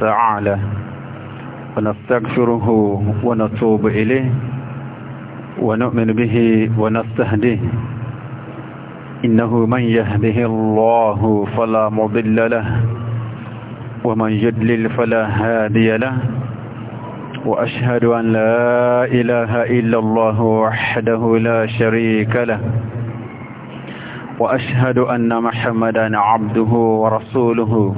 تعالى ونستغفره ونتوب إليه ونؤمن به ونستهديه إنه من يهده الله فلا مضل له ومن يدلل فلا هادي له وأشهد أن لا إله إلا الله وحده لا شريك له وأشهد أن محمدا عبده ورسوله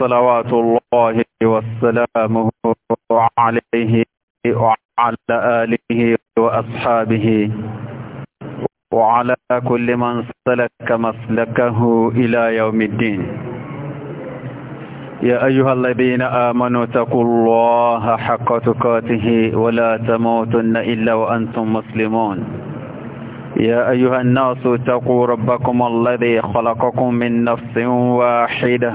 صلوات الله وسلامه عليه وعلى آله وأصحابه وعلى كل من سلك مسلكه إلى يوم الدين يا أيها الذين آمنوا اتقوا الله حق تقاته ولا تموتن إلا وأنتم مسلمون يا أيها الناس اتقوا ربكم الذي خلقكم من نفس واحدة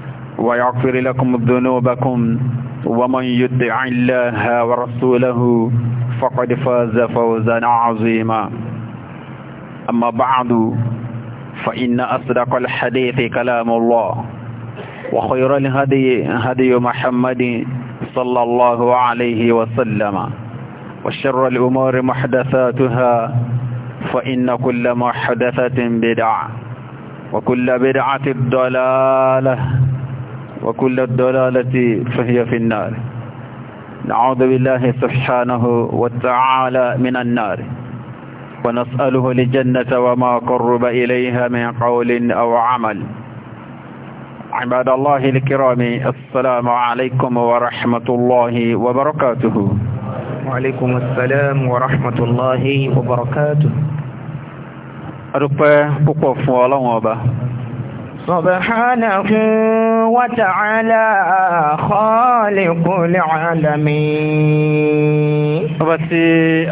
ويغفر لكم ذنوبكم ومن يطع الله ورسوله فقد فاز فوزا عظيما أما بعد فإن أصدق الحديث كلام الله وخير الهدي هدي محمد صلى الله عليه وسلم وشر الأمور محدثاتها فإن كل محدثة بدعة وكل بدعة ضلالة وكل الضلالة فهي في النار نعوذ بالله سبحانه وتعالى من النار ونسأله لجنة وما قرب إليها من قول أو عمل عباد الله الكرام السلام عليكم ورحمة الله وبركاته وعليكم السلام ورحمة الله وبركاته أدوبة بقوة فوالا سبحانه وتعالى خالق العالمين ọba tí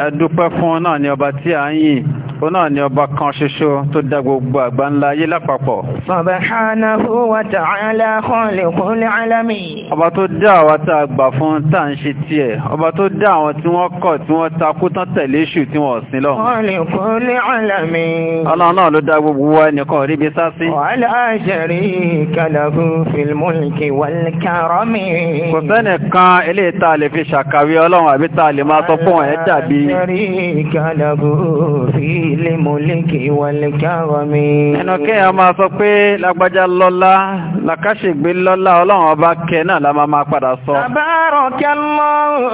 a dúpẹ́ fún náà ni ọba tí a ń yìn náà ni ọba kan ṣoṣo tó dá gbogbo àgbà ńlá ayé lápapọ̀. Subhanahu wa ta'ala khaliqul alamin. ọba tó dá àwa tá a gbà fún tá à ń ṣe tiẹ̀ ọba tó dá àwọn tí wọ́n kọ̀ tí wọ́n takú tán tẹ̀lé ṣù tí wọ́n sin lọ. khaliqul alamin. ọlọ́run náà ló dá gbogbo wa nìkan rí bí sásí. wa la sharika lahu fil mulki kò sẹ́nì kan eléyìí tá a lè fi ṣàkàwé ọlọ́run àbí tá a lè máa sọ fún ẹ̀ dàbí. wa sharika lahu fi الملك والكرم ẹnu kéèyàn máa sọ pé lágbájá lọ́lá làkàṣègbè lọ́lá ọlọ́run ọba kẹ náà la máa padà sọ. tabarakallahu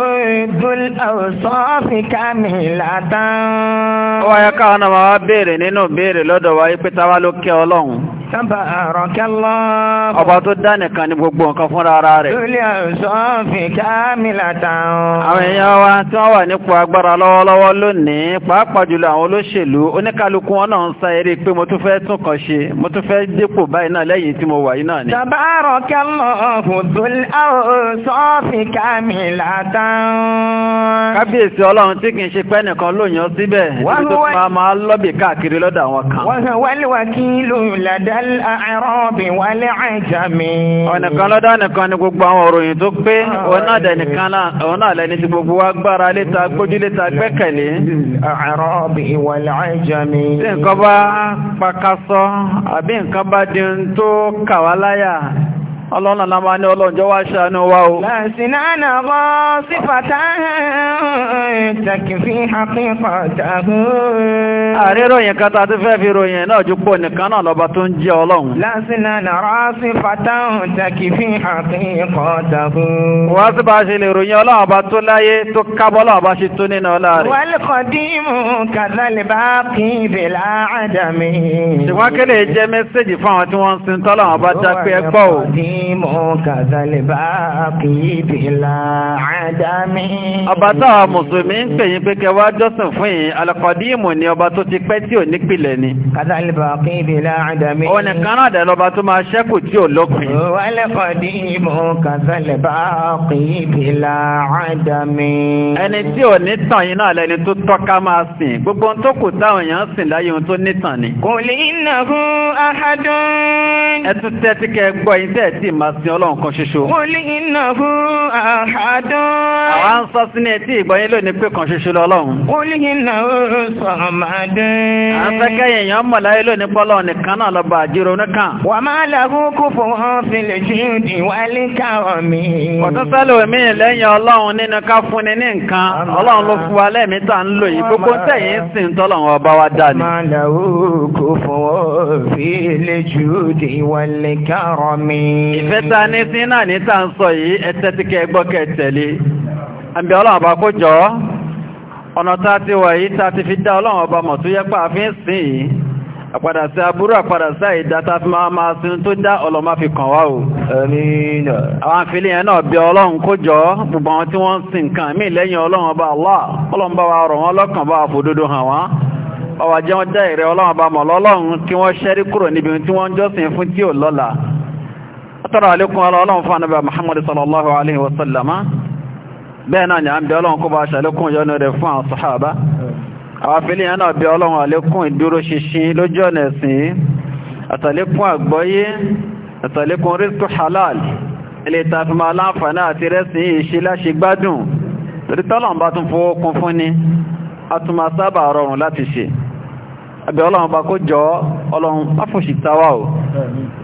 dul awsafi kamilatan. ó wáyé káwọn náà máa wá béèrè nínú béèrè lọ́dọ̀ wáyé pé táwa ló kẹ́ ọlọ́run. tabarakallahu. ọba tó dá nìkan ní gbogbo nǹkan fúnra ara rẹ̀. dul awsafi kamilatan. àwọn èèyàn wa tí wọ́n wà nípò agbára lọ́wọ́lọ́wọ́ lónìí òṣèlú oníkálukú wọn náà ń sa eré pé mo tún fẹ́ tún kan ṣe mo tún fẹ́ dépò báyìí náà lẹ́yìn tí mo wà yìí náà ni. tabarakallahu dhul awsafi kamilatan. kábíyèsí ọlọ́run tí kì í ṣe pẹ́ nìkan lóyún síbẹ̀ ibi tó máa máa lọ́bì káàkiri lọ́dọ̀ àwọn kan. wa huwal wakilu ladal a'rabi wal ajami. ọ̀nìkan lọ́dọ̀ nìkan ni gbogbo àwọn òròyìn tó pé ah, òun náà dẹ̀ eh. nìkan náà dikaba abi nkọba dị ntọ kawalaya. ọlọ́run náà máa ní ọlọ́njọ́ wá ṣàánú wá o. lásìnà náà bọ́ sí fàtà tàkìfì àpínpọ̀ tàbí. àríròyìn kata ti fẹ́ fi ròyìn náà ju pò nìkan náà lọ́ba tó ń jẹ́ ọlọ́run. lásìnà náà rọ́ sí fàtà tàkìfì àpínpọ̀ tàbí. wá sí bá a ṣe lè ròyìn ọlọ́run ọba tó láyé tó kábọ́ ọlọ́run ọba ṣe tó nínú ọlá rẹ̀. wálé kọ́dímù kàdálẹ̀ bá kí ìbẹ̀lá àdàmì. ṣùgbọ́n kí lè jẹ́ mẹ́sẹ̀jì fún tí wọ́n ń sin tọ́lọ́run mọ́ kàzàlẹ̀ bá kì í bìlà àdámi. ọba táwa mùsùlùmí ń pè yín pé kẹwàá jọ́sìn fún yín alakọ̀díìmù ni ọba tó ti pẹ́ tí ò ní pilẹ̀ ni. kàzàlẹ̀ bá kì í bìlà àdámi. òun nìkan náà dẹ̀ lọ́ba tó máa ṣẹ́kù tí ò lópin. alakọ̀díìmù kàzàlẹ̀ bá kì í bìlà àdámi. ẹni tí ò ní tàn yín náà lẹni tó tọ́ka máa sìn gbogbo tó kù táwọn èèyàn sìn tẹ́tí kẹ gbọ́ yín tẹ́ẹ̀ máa sin ọlọ́run kan ṣoṣo. Qul innahu ahadun. Àwa ń sọ sínú etí ìgbọ́yé lónìí pé kan ṣoṣo lọ́lọ́run. Qul innahu samadun. À ń fẹ́ kẹ́yìn èèyàn mọ̀ láyé lónìí pọ́lọ́ nìkan náà lọ́ba àjírò oníkan. Wa ma lahu kufuwan fil judi wal karami. Ọ̀tún sẹ́lẹ̀ omi lẹ́yìn ọlọ́run nínú ká fúnni ní nǹkan. Ọlọ́run ló fún wa lẹ́mí tá ń lò yìí. Gbogbo tẹ̀yìn sì ń tọ́lọ́run ọba wa dá ni. Wa ma lahu kufuwan fil judi wal karami ìfẹ́ ta ní sí náà ní tà ń sọ yìí ẹsẹ́ tí kẹ gbọ́kẹ̀ tẹ̀lé àbí ọlọ́run ọba kó jọ ọ̀nà tá ti wà yìí tá ti fi dá ọlọ́run ọba mọ̀ tó yẹ pà fi ń sìn yìí àpàdà sí aburú àpàdà sí àìdá tá fi máa máa sin tó dá ọlọ́mà fi kàn wá o àwọn àfilẹ̀ yẹn náà bí ọlọ́run kó jọ gbogbo àwọn tí wọ́n sin nǹkan mí lẹ́yìn ọlọ́run ọba Allah ọlọ́run bá wa rọ̀ wọ́n lọ́kàn bá wa fòdodo hàn wọ́n ọwà jẹ́ wọn dá ìrẹ́ ọlọ́run ọba atọ́rọ àlékún ọlọ́run fún ànábì muhammadu sallallahu alaihi wasallama bẹ́ẹ̀ náà ni a ń bí ọlọ́run kó bá ṣàlékún yọ́nú rẹ̀ fún àwọn sàhábà àwọn afẹ́lẹ́ yẹn náà bí ọlọ́run àlékún ìdúró ṣinṣin lójú ọ̀nà ẹ̀sìn àtàlékún àgbọ́yé àtàlékún rísù halal ilé ìtafimọ̀ aláǹfààní àti rẹ́sìn ìṣe láṣe gbádùn torí tọ́lọ̀n bá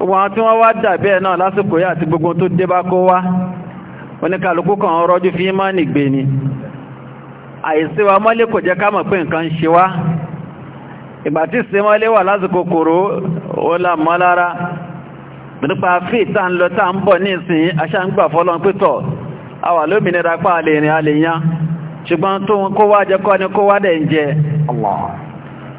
wọn tí wọ́n wá dàbí ẹ̀ náà lásìkò àti gbogbo tó dé kó wá oníkàlùkù kan rọ́jú fi máa nìgbè ni àìsí wa mọ́lé kò jẹ́ ká mọ̀ pé nǹkan ṣe wá ìgbà tí sí mọ́lé wà lásìkò kòrò ó lámọ́ lára nípa ń lọ a wà lómìnira ìrìn ṣùgbọ́n tó kó wá jẹ́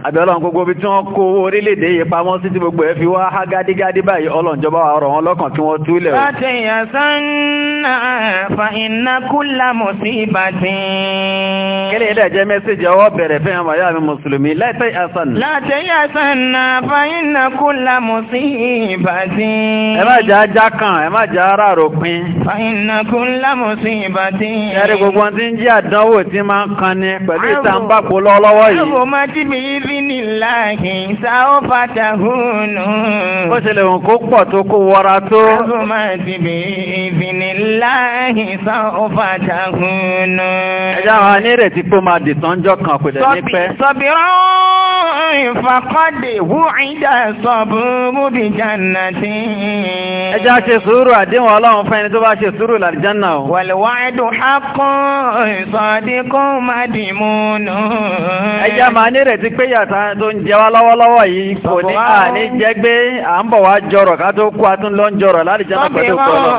àbẹ̀ọ́lọ́n gbogbo bí tí wọ́n kó orílẹ̀-èdè yìí pamọ́ sí ti gbogbo ẹ̀ fi wá há gádígádí báyìí ọlọ́njọba ọ̀rọ̀ wọn lọ́kàn kí wọ́n túlẹ̀ o. láti yàn náà fa iná kúlà musibatin kíni ilé ẹjẹ mẹsẹjì ọwọ bẹ̀rẹ̀ fún àwọn ayá mi mùsùlùmí láìsẹ àṣàn. láti yàtọ̀ náà fàyínà kúlà musibati. ẹ má jẹ́ ajá kan ẹ má jẹ́ ara ròpin. fàyínà kúlà musibati. ẹ̀rí gbogbo ti ń jẹ́ àdánwò tí máa ń kan ni pẹ̀lú ìtàǹbàpò kó pọ̀ tó kó ti bí ibi láàáhì sáwọ́fà takùnù. Ẹjá wa ní ìrètí pé máa dìtànjọ́ kan kò dẹ̀ ní pẹ́. Sọ̀bìrán ìfàkọ́dé wú ìdá sọ̀bùrú bí jànà tí. Ẹjá ṣe sùúrù àdéhùn ọlọ́run fún ẹni tó bá ṣe sùúrù làlìjánà o. Wàlúwà ẹ̀dùn akọ́ ìsọ̀dí kó dì mú nù. Ẹjá máa ní ìrètí pé yàtá tó ń jẹ wá lọ́wọ́lọ́wọ́ yìí kò ní àní jẹ́ à ń bọ̀ wá jọrọ̀ ká tó kú atún ń jọrọ̀ làlìjánà pẹ̀lú kọ́ lọ.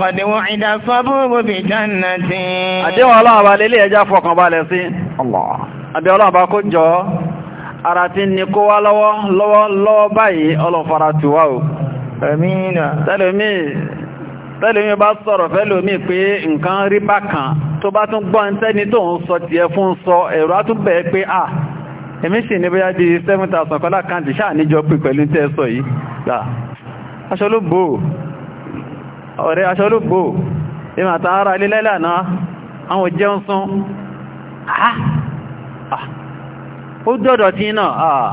Sọ̀bìrán موعدا فبوب بجنة àdéhùn ọlọ́run bá lélé ẹjá fọkàn balẹ̀ sí àbí ọlọ́run bá kó jọ ara tí ní kó wá lọ́wọ́ lọ́wọ́ lọ́wọ́ báyìí ọlọ́fara tí wá o tẹ́lẹ̀mí bá sọ̀rọ̀ fẹ́lẹ̀mí pé nǹkan rí bákan tó bá tún gbọ́n tẹ́ni di 7000 kọ́lá kan ti sáà níjọ pé pẹ̀lú tẹ́ sọ yìí ọ̀rẹ́ aṣọ́lúgbò ìmọ̀ àtàrà ilé lẹ́lànà àwọn jẹun sún ah! Ah! ó dọ̀dọ̀ tí náà ah!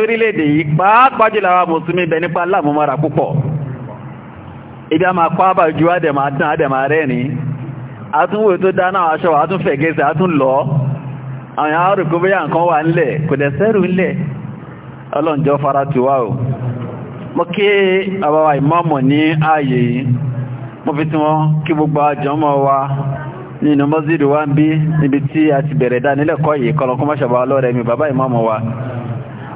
lórílẹ̀-èdè yìí pàápàá jùlọ àwọn mùsùlùmí bẹ nípa láàmúmára púpọ̀ ibi a máa pàápàá ju àdẹ̀mà dán àdẹ̀mà rẹ̀ ní àtúnwò tó dáná aṣọ àtúnfẹ̀ gẹ́sẹ̀ àtúnlọ́ àwọn arùkú bí nǹkan wà ńlẹ̀ fara tiwa o mo kí àbáwà ìmọ́mọ̀ ní ààyè yìí mo fi tí wọ́n kí gbogbo àjọmọ́ wa nínú mọ́sídì wa ń bí níbi tí a ti bẹ̀rẹ̀ dánilẹ́kọ̀ọ́ yìí kọlọ̀kọ́ mọ́ṣàbà ọlọ́rẹ̀ mi bàbá ìmọ́mọ̀ wa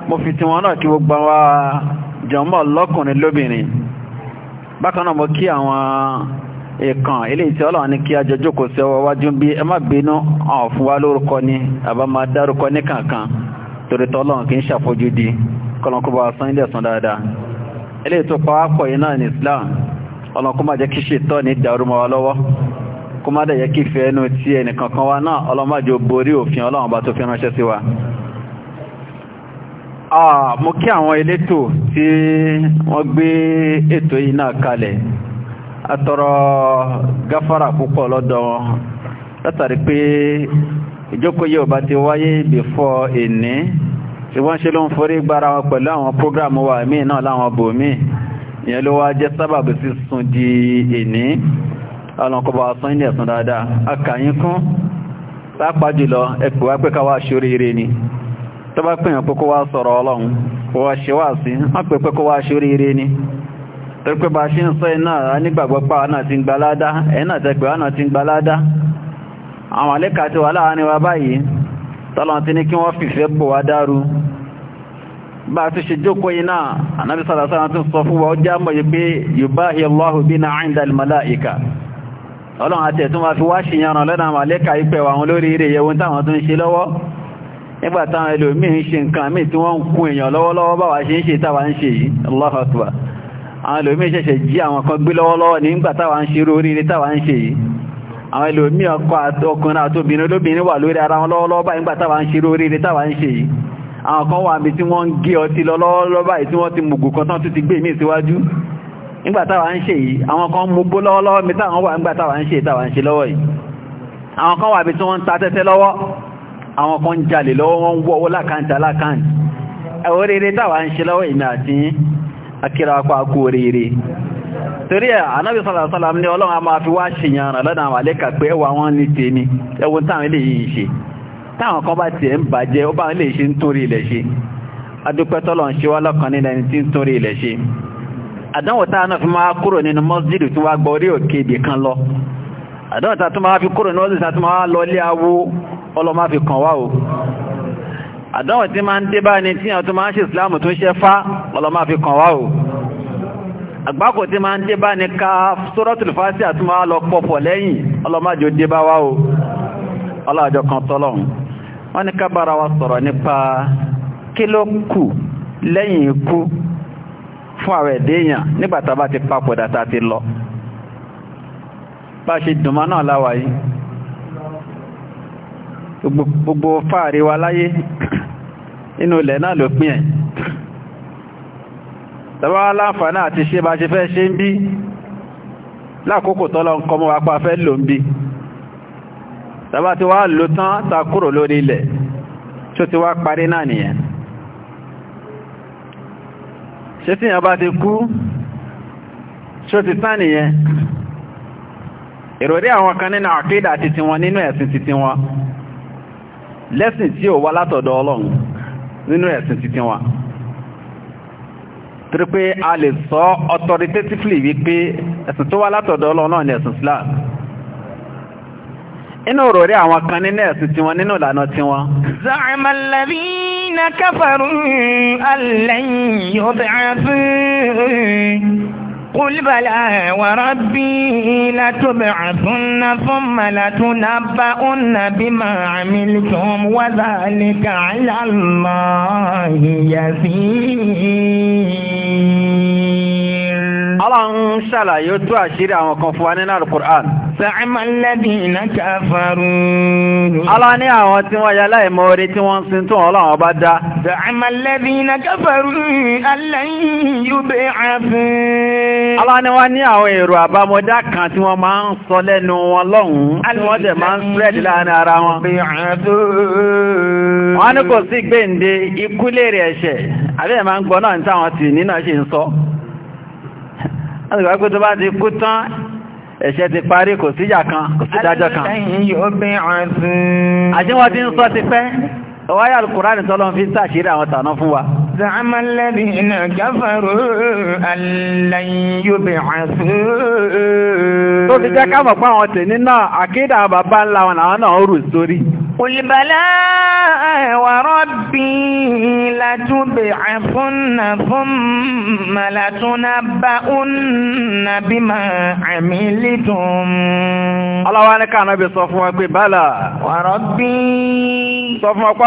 mo fi tiwọn náà kí gbogbo wa jọmọ́ lọ́kùnrin lóbìnrin bákan náà mo kí àwọn ìkàn ilé ìtì ọlọ́run ní kí ajọ jókòó sí ọwọ́ wájú bí ẹ má bínú àwọn fún wa lórúkọ ní àbá máa dárúkọ ní kankan torí kì di kọlọ́nkúbọ̀ asán ilé ẹ̀sán dáadáa ilé Islam kó má jẹ́ kí ní wa lọ́wọ́ kó má dẹ̀ yẹ kí tí ẹnìkankan Ah, mo kí àwọn elétò tí wọ́n gbé ètò yìí náà kalẹ̀ atọrọ gáfárà púpọ̀ lọ́dọ̀ wọn látàrí pé ìjókòó yóò bá ti wáyé bìfọ́ èní tí wọ́n ṣe ló ń forí gbára wọn pẹ̀lú àwọn prógrámù wa míì náà láwọn bòmí ìyẹn ló wá jẹ́ sábàbí sísun di èní ọlọ́nkọba ọ̀sán ilẹ̀ ẹ̀sùn dáadáa akàyín kún pápá jùlọ ẹ̀pẹ̀ pé káwá ṣoríire ni tó bá pè yàn pé kó wá sọ̀rọ̀ ọlọ́run kó wá ṣe wá sí wọ́n pè pé kó wá ṣe oríire ni torí pé bá ṣe ń sọ iná nígbàgbọ́ pa ọ̀nà ti ń gba ládá ẹ̀nà tẹ́pẹ̀ ọ̀nà ti ń gba ládá àwọn àlékà ti wà láàárín wa báyìí tọ́lọ̀ ti ní kí wọ́n fìfẹ́ bò wá dáru bá ti ṣe jókòó iná anábi sàrásàrá tún sọ fún wa ó jámọ̀ yìí pé yubahi Allahu bina inda al-mala'ika ọlọ́run àti ẹ̀tún wa fi wá ṣìyànràn lọ́nà àwọn àlékà ipẹ̀ àwọn olóríire yẹ̀wọ́n táwọn tún ṣe lọ́wọ́ nígbà táwọn ẹlòmíì ń ṣe nǹkan míì tí wọ́n ń kún èèyàn lọ́wọ́lọ́wọ́ báwa ṣe ń ṣe táwa ń ṣe yìí Allahu Akbar àwọn ẹlòmíì ṣẹ̀ṣẹ̀ jí àwọn kan gbé lọ́wọ́lọ́wọ́ nígbà táwa ń ṣe oríire táwa ń ṣe yìí àwọn ẹlòmíì ọkọ ọkùnrin àtòbìnrin olóbìnrin wà lórí ara wọn lọ́wọ́lọ́wọ́ báyìí nígbà táwa ń ṣe oríire táwa ń ṣe yìí àwọn kan wà mí tí wọ́n ń ta tẹ́tẹ́ lọ́wọ́ àwọn kan jalè lọ́wọ́ wọn wọ́ owó lákàntí alákàntí oríire táwà ń ṣe lọ́wọ́ ìmẹ́ àti akírapá kú oríire torí ẹ̀ anábì sọ́làsọ́làm ní ọlọ́run a máa fi wá ṣe yànrà lọ́nà àwọn àlékà pé ẹwà wọn ní tèmi ẹwọ́n táwọn ilé yìí ṣe táwọn kan bá tiẹ̀ ń bàjẹ́ ó bá ilé ṣe ń torí ilẹ̀ ṣe adúpẹ́tọ́lọ̀ àdánwò táwọn kúrò ní mọ́sídìrì tí lọ lé awo ọlọ́má fi kàn wá o àdánwò tí máa ń dé báyìí tí àwọn tó máa ń ṣe ìsìláàmù tó ń ṣe fá ọlọ́má fi kàn wá o àgbákò tí máa ń dé báyìí ká sórọ́tùlù fásí àtúmọ̀ lọ pọ̀pọ̀ lẹ́yìn ọlọ́má jò dé bá wá o ọlọ́àjọ ṣe dùnmọ́ náà láwàá yìí gbogbo fàárí wa láyé inú ilẹ̀ náà ló pín ẹ̀ tàbá láǹfààní àti ṣe bá ṣe fẹ́ ṣe ń bí lákòókò tọ́lọ nǹkan mọ́ apá fẹ́ lò ń bí tàbá ti wá lò tán ta kúrò lórí ilẹ̀ tí ó ti wá parí náà nìyẹn ṣe tí ìyàn ti kú tí ó ti tán nìyẹn ìròrí àwọn kan nínú àkídà titi wọn nínú ẹ̀sìn titi wọn lẹ́sìn tí ó wá látọ̀dọ̀ ọlọ́run nínú ẹ̀sìn títí wa torí pé a lè sọ authoritatively wípé ẹ̀sìn tó wá látọ̀dọ̀ ọlọ́run náà ni ẹ̀sìn Islam inú òròrí àwọn kan nínú ẹ̀sìn tiwọn nínú ìlànà tiwọn. za'ama alladhina kafaru allan yub'athu قل بلى وربي لتبعثن ثم لتنبؤن بما عملتم وذلك على الله يسير Ọlọ́run ṣàlàyé ó tú àṣírí àwọn kan fún wa nínú Al-Qur'an. Sàmàlẹ́dìnà káfàrú. Ọlọ́run ní àwọn tí wọ́n yá láì mọ́rí tí wọ́n sin tún Ọlọ́run bá dá. Sàmàlẹ́dìnà káfàrú aláìyí yóò bẹ́ àfẹ́. Ọlọ́run ní wọ́n ní àwọn èrò àbámọ́dá wọ́n pẹ́ tó bá ti kú tán ẹ̀ṣẹ̀ ti parí kò síjà kan kò sí dájọ́ kan àti wọ́n ti ń sọ ti pẹ́ Ọwáyà Alkùránì tọ́lọ́n fi sàṣírí àwọn tànà fún wa. Zàmà lẹ́bí iná gáfàrò aláyíyóbẹ̀ àṣú. Tó ti jẹ́ kámọ̀ pá àwọn látúbẹ̀ àfúnnà fún màlàtúnà bá ònà bí máa àmì lítùn. Ọlọ́wà ní káàná bí sọ fún wa pé bálà. Wàrọ̀ bí. Sọ fún ọpá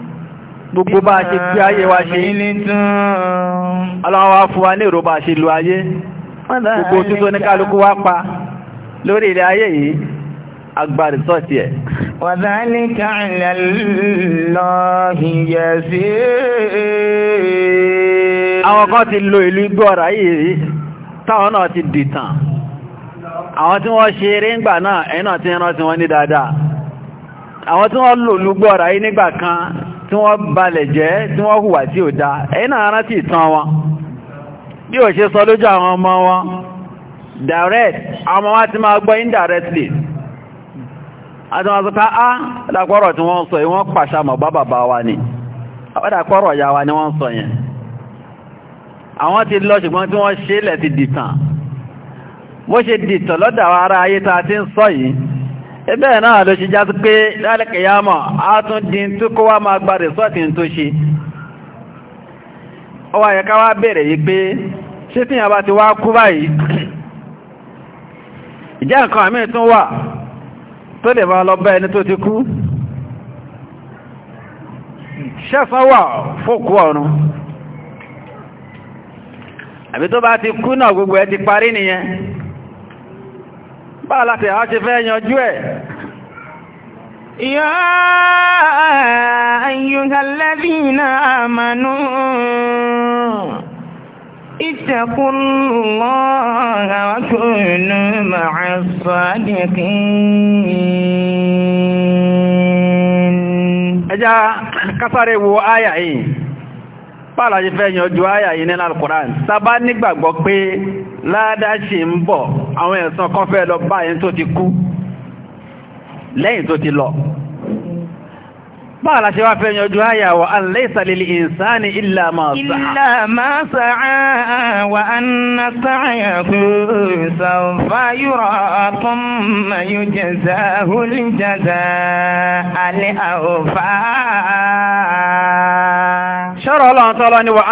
gbogbo bá ṣe gbé ayé wa ṣe aláwọ̀ fún wa ní èrò bá ṣe lò ayé gbogbo títọ́ ní kálukú wá pa lórí ilẹ̀ ayé yìí agbárí sọ́ọ̀tì ẹ̀ àwọn kan ti lo ìlú igbó ọ̀rá yìí táwọn náà ti dìtàn àwọn tí wọ́n ṣe eré ńgbà náà ẹ̀yìn náà ti rántí wọn ní dáadáa àwọn tí wọ́n lò lúgbọ́ ọ̀rá yìí nígbà kan tí wọ́n balẹ̀ jẹ́ tí wọ́n hùwà tí ò dá ẹ̀yìn náà rántí ìtàn wọn bí ò ṣe sọ lójú àwọn ọmọ wọn direct àwọn ọmọ wọn ti máa gbọ́ indirectly àtàwọn á ah, dàpọ̀rọ̀ tí wọ́n sọ yìí wọ́n pàṣà mọ̀ bá bàbá wa ni àpàdàpọ̀rọ̀ ìyá wa ni wọ́n sọ yẹn àwọn ti lọ ṣùgbọ́n tí wọ́n ṣe lẹ̀ dìtàn mo ṣe dìtàn lọ́dà ara ayé ta ti ń sọ yìí ẹbẹ́ náà ló ṣe já sí pé lálẹ́kẹ̀yàmọ̀ a tún di tó kó wá máa gbà rẹ̀sọ́tì tó ṣe ó wá yẹ ká wá bẹ̀rẹ̀ yìí pé ṣé tí yàbá ti wá kú báyìí ìjẹ́ nǹkan àmì tún wà tó lè máa lọ bá ẹni tó ti kú ṣẹ́sán wà fòkú ọ̀run àbí tó bá ti kú náà gbogbo ẹ ti parí nìyẹn báà láti àwọn ṣe fẹ́ yanjú ẹ̀ يا أيها الذين آمنوا اتقوا الله وكونوا مع الصادقين أجا كفروا آية pààlà yìí fẹ́ yanjú àyà yìí nínú alukoran sábà nígbàgbọ́ pé ládàá ṣì ń bọ̀ àwọn ẹ̀sán kan fẹ́ lọ báyìí tó ti kú lẹ́yìn tó ti lọ báàlá ṣe wá fẹ́ yanjú àyàwó an laysa lil insani illa ma sa'a illa ma sa'a wa anna sa'yahu sawfa yura thumma yujzahu al-jazaa al-awfa ṣọ́rọ̀ ọlọ́run tọ́lọ ni wa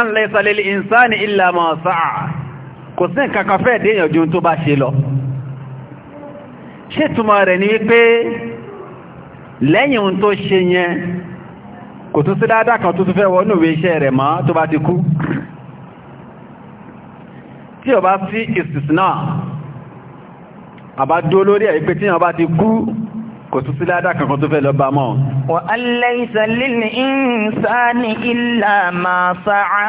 kò sí nǹkan fẹ́ dé yanjú tó bá ṣe lọ ṣé túmọ̀ rẹ̀ ni wípé lẹ́yìn ohun tó ṣe yẹn kò tún sí dáadáa kan tó tún fẹ́ wọ́n níwé iṣẹ́ rẹ̀ mọ́ tó bá ti kú tí ó bá sí ìsìsìnà àbá lórí ẹ̀ pé tí ó bá ti kú kò tún sí dáadáa kan tó fẹ́ lọ bá mọ́ illa ma sa'a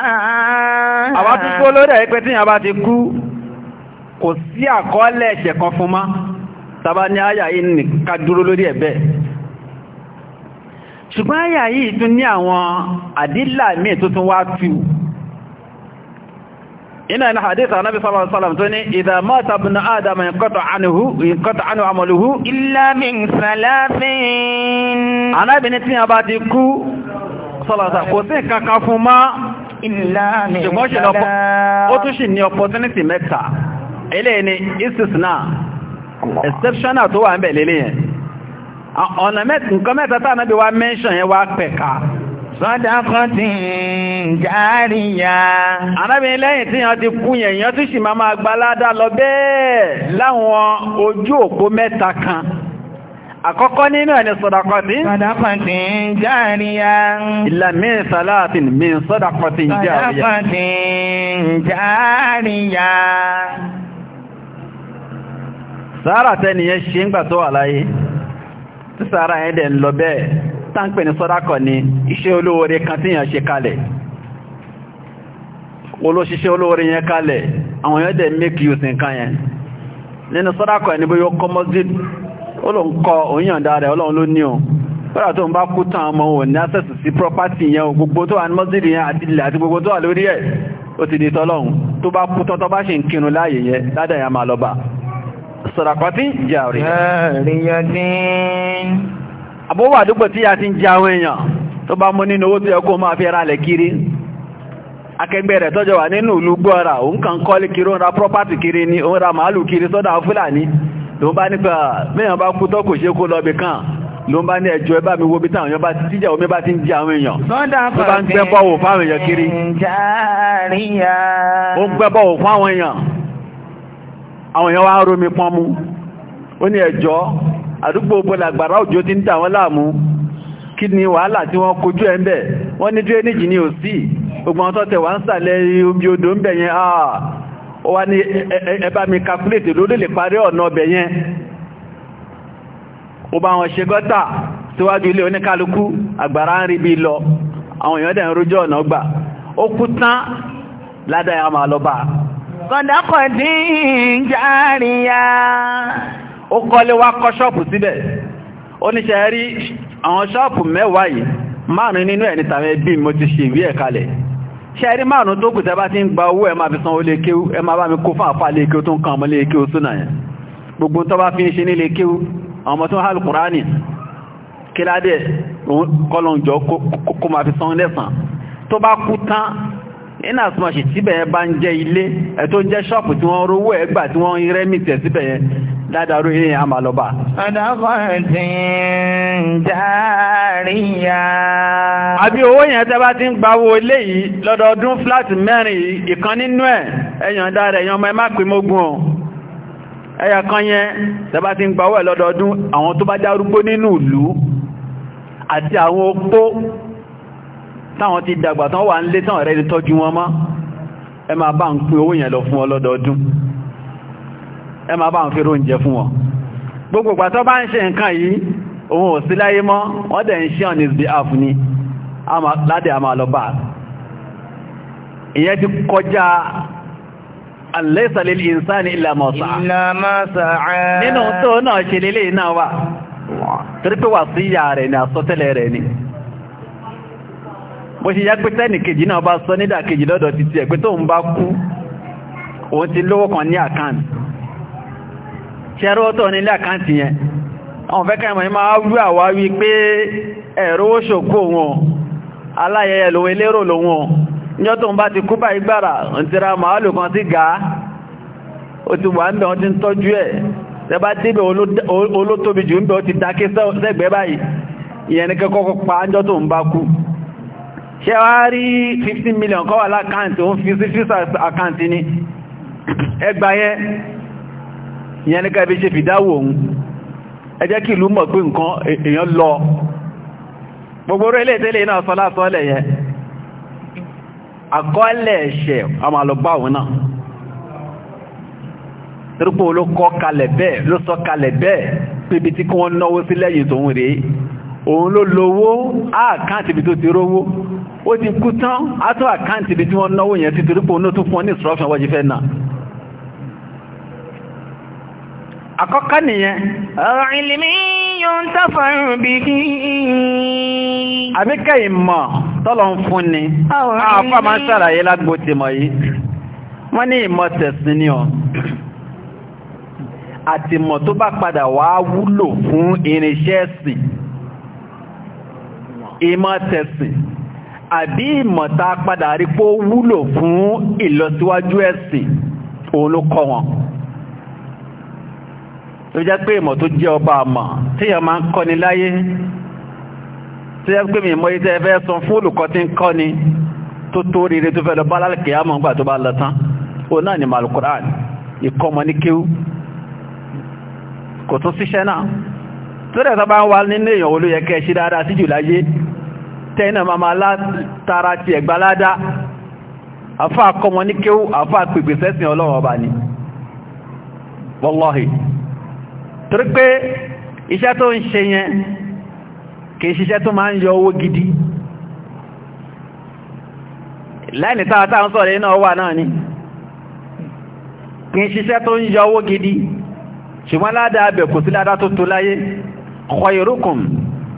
àbá tún dúó lórí ẹ̀ pé tí ó bá ti kú kò sí àkọọ́lẹ̀ ẹ̀ṣẹ̀ kan fún má tàbá ní àyà yìí ká dúró lórí ẹ̀ ṣùgbọ́n àyà yìí tún ní àwọn àdílà míì tó tún wá tú iná iná hadith anábi sallallahu tó ní idha mata ibn adam inqata anhu inqata anhu amaluhu illa min salatin anábi ní tí a bá ti kú sọ́lọ́sà kò sí kankan fún má ṣùgbọ́n ṣe lọ́pọ̀ ó tún ṣì ní exceptional tó wà ọ̀nà nǹkan mẹ́ta tá náà bí wá mẹ́ṣàn yẹn wá pẹ̀ka sọ́dákọ́tí jàríyà arábìnrin lẹ́yìn tí yàn ti kú yẹn yàn tún sì máa máa gbaládá lọ bẹ́ẹ̀ láwọn ojú òpó mẹ́ta kan àkọ́kọ́ nínú ẹni sọ́dakọ́tí sọ́dakọ́tí járíyá ìlàmí sàláàtì mi sọ́dakọ́tí ṣe ń gbà tó wà láyé tí sàárà yẹn dẹ̀ ń lọ bẹ́ẹ̀ táǹpẹ̀ ní sọ́dákọ̀ ni iṣẹ́ olóore kan tí yàn ṣe kalẹ̀ olóṣiṣẹ́ olóore yẹn kalẹ̀ àwọn yẹn dẹ̀ make use nǹkan yẹn nínú sọ́dákọ̀ ẹni bí yóò kọ́ òyìnbá rẹ̀ ọlọ́run ló tó ń bá kú tán ọmọ property yẹn o gbogbo tó wà ní mọ́sí yẹn àti ilẹ̀ àti gbogbo tó wà lórí ẹ̀ ó ti di tọ́lọ́run sọ̀ràkọ́tí jàrí àbúwà àdúgbò tí a ti ń jáwé èèyàn tó bá mú nínú owó tó yẹ kó máa fi ra lẹ̀ kiri akẹgbẹ́ rẹ̀ tọ́jọ wà nínú ìlú gbọ́ra òun kàn kọ́lé kiri ra property kiri ni òun ra màálù kiri sọ́dọ̀ fúlàní ló bá nípa mẹ́yàn bá kú tọ́kù ṣe kó lọ́bì kan ló bá ní ẹjọ́ ẹbá mi wo bí táwọn èèyàn ti jíjà omi bá ti ń jí àwọn èèyàn tó bá ń gbẹ́bọ̀wò fáwọn èèyàn kiri ó ń gbẹ́bọ̀wò fáwọn èèyàn àwọn èèyàn wá ń romi pọ́n mú ó ní ẹ̀jọ́ àdúgbò bọ́lá àgbàrá òjò ti ń dà wọ́n láàmú kí ni wàhálà tí wọ́n kojú ẹ̀ ń bẹ̀ wọ́n ní drainage ní òsì gbogbo àwọn tọ́tẹ̀ wà ń sàlẹ̀ omi odò ń bẹ̀ yẹn àà ah. ó wá ní ẹ mi calculate lórí lè parí ọ̀nà ọbẹ̀ yẹn ó bá wọn ṣe gọ́tà síwájú ilé oníkálukú àgbàrá ń rí bí lọ àwọn èèyàn dẹ̀ ń rójọ́ ọ̀nà gbà ó kú tán ládàá yà máa lọ bá a sọ́dákọ̀ dín járíyá ó kọ́lé wá kọ́ ṣọ́ọ̀pù síbẹ̀ ó níṣẹ́ rí àwọn ṣọ́ọ̀pù mẹ́wàá yìí márùn-ún nínú ẹ̀ níta ẹbí mo ti ṣe ìwé ẹ̀ kalẹ̀ ṣẹ́rí márùn-ún tó kù tẹ́bá ti ń gba owó ẹ máa fi san bá mi kó fún iná àtúnmọ̀ sì síbẹ̀ yẹn bá ń jẹ́ ilé ẹ̀ tó ń jẹ́ ṣọ́ọ̀pù tí wọ́n rówó ẹgbà tí wọ́n rẹ́ mìtẹ̀ síbẹ̀ yẹn dáadáru yìí a máa àbí owó yẹn tẹ́ bá ti ń gbawó ilé yìí lọ́dọọdún fúláàtì mẹ́rin ìkan nínú ẹ̀ ẹ̀yàn dára ẹ̀yàn ọmọ ẹ má pè mógún ọ ẹ̀yà kan yẹn tẹ́ bá ti ń gbawó ẹ̀ lọ́dọọdún àwọn tó bá járúgbó nínú ìlú àti àwọn opó táwọn ti dàgbà tán wà ń lé tán rẹ̀ tọ́jú wọn mọ́ ẹ ma bá ń pín owó yẹn lọ fún wọn lọ́dọọdún ẹ máa bá ń fi róúnjẹ fún wọn gbogbo pàtọ́ bá ń ṣe nǹkan yìí òun ò sí láyé mọ́ wọ́n dẹ̀ ń ṣe on his behalf ni ládẹ̀ àmà lọ bá ìyẹn ti kọjá alẹ́sàlẹ̀ ìsáni ìlàmọ̀sà nínú tó náà ṣe lélẹ̀ náà wà torípé wà sí ìyà rẹ̀ ni àsọtẹ́lẹ̀ rẹ̀ ni bó ṣe yá pé tẹ́nì kejì náà bá sọ nídà kejì lọ́dọ̀ títí ẹ̀ pé tó ń bá kú òun ti lówó kan ní àkáǹtì ṣẹ́rọ tó nílé àkáǹtì yẹn wọ́n fẹ́ kẹ́mọ̀ ní máa wí àwá wí pé ẹ̀rọ ó ṣòkó wọn aláyẹyẹ lòun elérò lòun níjọ́ tó ń bá ti kú bá ìgbàrà ń pa níjọ́ tó ń bá kú ṣe wá rí 15 million kọ́ wà òun fi sí fíṣà àkàntì ní ẹgbà yẹn ìyẹn ní káàbí ẹ kí ìlú mọ̀ e-, èèyàn lọ gbogbo orílẹ̀ ilé náà sọ lásọ́lẹ̀ yẹn àkọọ́lẹ̀ ẹ̀ṣẹ̀ àmàlọ́gbà òun náà torípò ló kọ́ kalẹ̀ bẹ́ẹ̀ ló sọ kalẹ̀ bẹ́ẹ̀ òun ló lówó àkáǹtì ibi tó ti rówó ó ti kú tán átọ́ àkáǹtì ibi tí wọ́n náwó yẹn ti torípò ní ó fún ní instruction wọ́n jí fẹ́ náà àkọ́kọ́ nìyẹn ọ̀rọ̀ ìlìmí yóò ń bí kí àbíkẹ́ ìmọ̀ tọ́lọ àtìmọ̀ tó bá padà wá wúlò fún irinṣẹ́ ẹ̀sìn ìmọ̀ tẹ̀sìn àbí ìmọ̀ta padà rí pó wúlò fún ìlọsíwájú ẹ̀sìn òun ló kọ́ wọn tó jẹ́ pé ìmọ̀ tó jẹ́ ọba àmọ̀ tíyàn máa ń kọ́ni láyé tí ẹ gbé mi mọ́ ìtẹ́ ẹfẹ́ sọ fún olùkọ́ tí ń kọ́ ni tó tó rere tó fẹ́ lọ bálá kìyàmọ̀ gbà tó bá lọ tán ó náà ni malukuran ìkọmọ ní kíw kò tún síṣẹ́ náà tó rẹ̀ sọ ń wá nínú èèyàn olóyẹ kẹ́ ṣe dáadáa sí láyé tẹ́yìnà máa máa látara ti afá akọmọ ní kéwú afá pèpè sẹ́sìn ọlọ́run ọba ni wallahi torí pé iṣẹ́ tó ń yẹn ṣiṣẹ́ tó máa yọ owó gidi lẹ́ni tààtà ń sọ̀rọ̀ iná wà náà ni ṣiṣẹ́ tó gidi ṣùgbọ́n ládàá sí ládàá tó tó láyé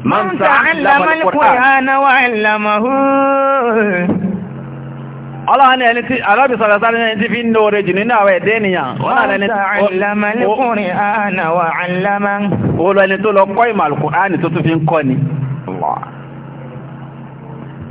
من تعلم القرآن وعلمه Ọlọ́run ni ẹni tí àrọ́bì sọ̀rọ̀ sáré ní ti fi ń lóore jù nínú àwọn ẹ̀dẹ́ ènìyàn. Wọ́n náà lẹni tó lọ kọ́ ìmọ̀ al tó tún fi ń kọ́ ni. Allah.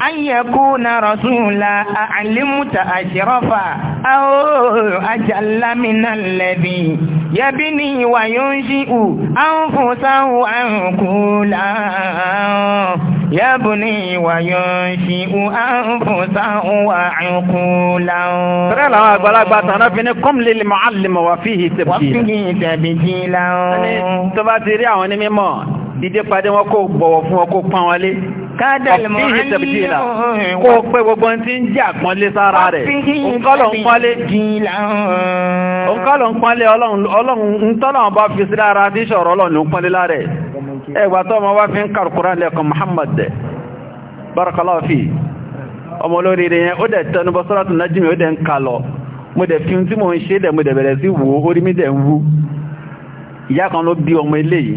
ayyakuna rasula a'limuta ashrafa aw ajalla min alladhi yabni wa yunshi'u anfusahu an kula yabni wa yunshi'u anfusahu wa kula tẹ́rẹ́ làwọn àgbàlagbà tàná fi ní qum lil mu'allim wa fihi tabjila wa fihi tabjila tó bá ti rí àwọn ní dìde padà wọn kó bọ̀wọ̀ fún wọn kó pán wọn lé ọ̀fíhì tẹ̀bìtìlà kó pé gbogbo tí ń jẹ́ àpọ́nlé sára rẹ̀ òǹkọ́lọ̀ ń pọ́nlé ọlọ́run tọ́lọ̀wọ́n bá fi sí lára tí ṣọ̀rọ̀ ọlọ́run ń Muhammad barakallahu fi ọmọ olórin rẹ̀ yẹn ó dẹ̀ tẹnubọ́ sọ́rọ̀tún nájìmí ó mo dẹ̀ fi tí mo ń ṣe dẹ̀ mo dẹ̀ bẹ̀rẹ̀ sí wo orí mi ń wú ìyá kan ló bí ọmọ eléyìí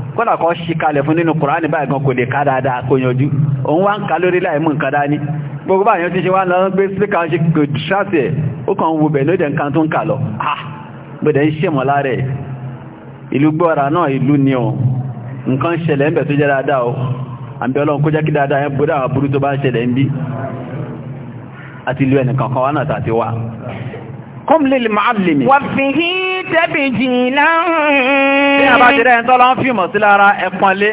kọ́dà kan ṣì kalẹ̀ fún nínú kùránì báyìí gan kò lè ká dáadáa kò yanjú òun wá ń ka lórí láì mú nǹkan dání gbogbo báyìí ti ṣe wá lọ gbé síkà ṣe kò ṣáàtì ó kàn ń bẹ̀ lóde nǹkan tó ń kà lọ ah ń ṣèmọ̀ lára ẹ̀ ìlú gbọ́ra náà ìlú ni o nǹkan ṣẹlẹ̀ ń bẹ̀ tó jẹ́ dáadáa o àbí ọlọ́run kó jẹ́ kí dáadáa yẹn bódà àwọn burú tó bá ń ṣẹlẹ̀ ń bí àti ìlú ẹnìkan kan wá náà tàti wá kọ́m lè màálìmì. wà fi hí tẹ́bì jìnnà. bí a bá ti rẹ̀ tọ́lọ́ ń fìmọ̀ sí lára ẹ̀pọ̀nlé.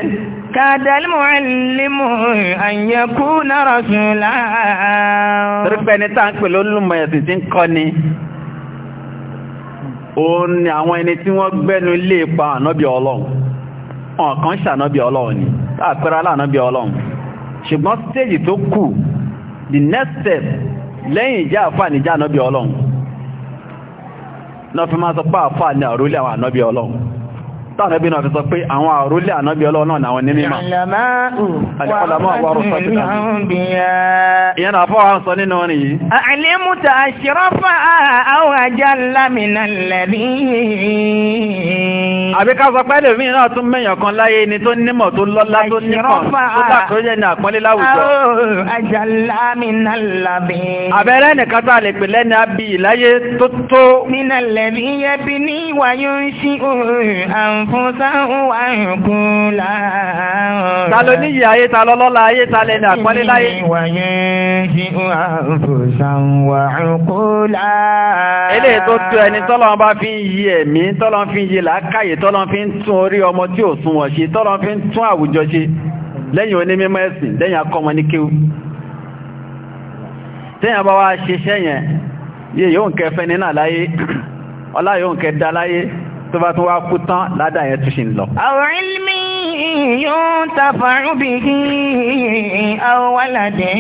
kàdàlímù ẹ̀lẹ́mù àyẹ̀kú náà ṣùlá. ni. òun ni àwọn ẹni tí wọ́n gbẹ́nu lé pa ànábì ọlọ́run. ọ̀kan ṣànábì ọlọ́run ni àpẹẹrẹ aláànábì ọlọ́run. ṣùgbọ́n stéèjì tó kù the next step lẹ́yìn ìjà àfààní ìjà ànábì ọlọ́run náà fi máa sọ pé àfáà ní àrólé àwọn ànábí ọlọ́run tánàbí náà fi sọ pé àwọn àrólé ànábí ọlọ́nà àwọn ní mímọ̀ alìkọlàmọ́ àwọn arúsọ ti náà ìyẹn náà fọ́ àwọn sọ nínú wọn yìí àìlèmúta àṣírọ́fà àwọn àjá lámìnà lẹ́rí àbí ká sọ pẹ́lẹ̀ mí náà tún mẹ́yàn kan láyé ni tó nímọ̀ tó lọ́lá tó nímọ̀ tó dàkójẹ́ àǹfọ́sáhùn wà ìkú láàá. Ta ló níyì ayé ta lọ́lọ́lá ayé ta lẹ́nu àpọ́lé láyé? Ìwàyé jí àǹfọ́sáhùn wà ìkú láàá. Ilé tó tó ẹni tọ́lọ́ bá fi ń yí ẹ̀mí, tọ́lọ́ fi ń yí làákàyè, tọ́lọ́ fi ń tún orí ọmọ tí ò sunwọ̀n ṣe, tọ́lọ́ fi ń tún àwùjọ ṣe, lẹ́yìn onímọ̀ ẹ̀sìn, lẹ́yìn akọ́mọ ní kéwú. ọlá yóò ń kẹ dá láyé, tó bá tún wá kú tán ládà yẹn tún ṣe ń lọ. àwọn ilmi yóò faru bí kí awọ́ládé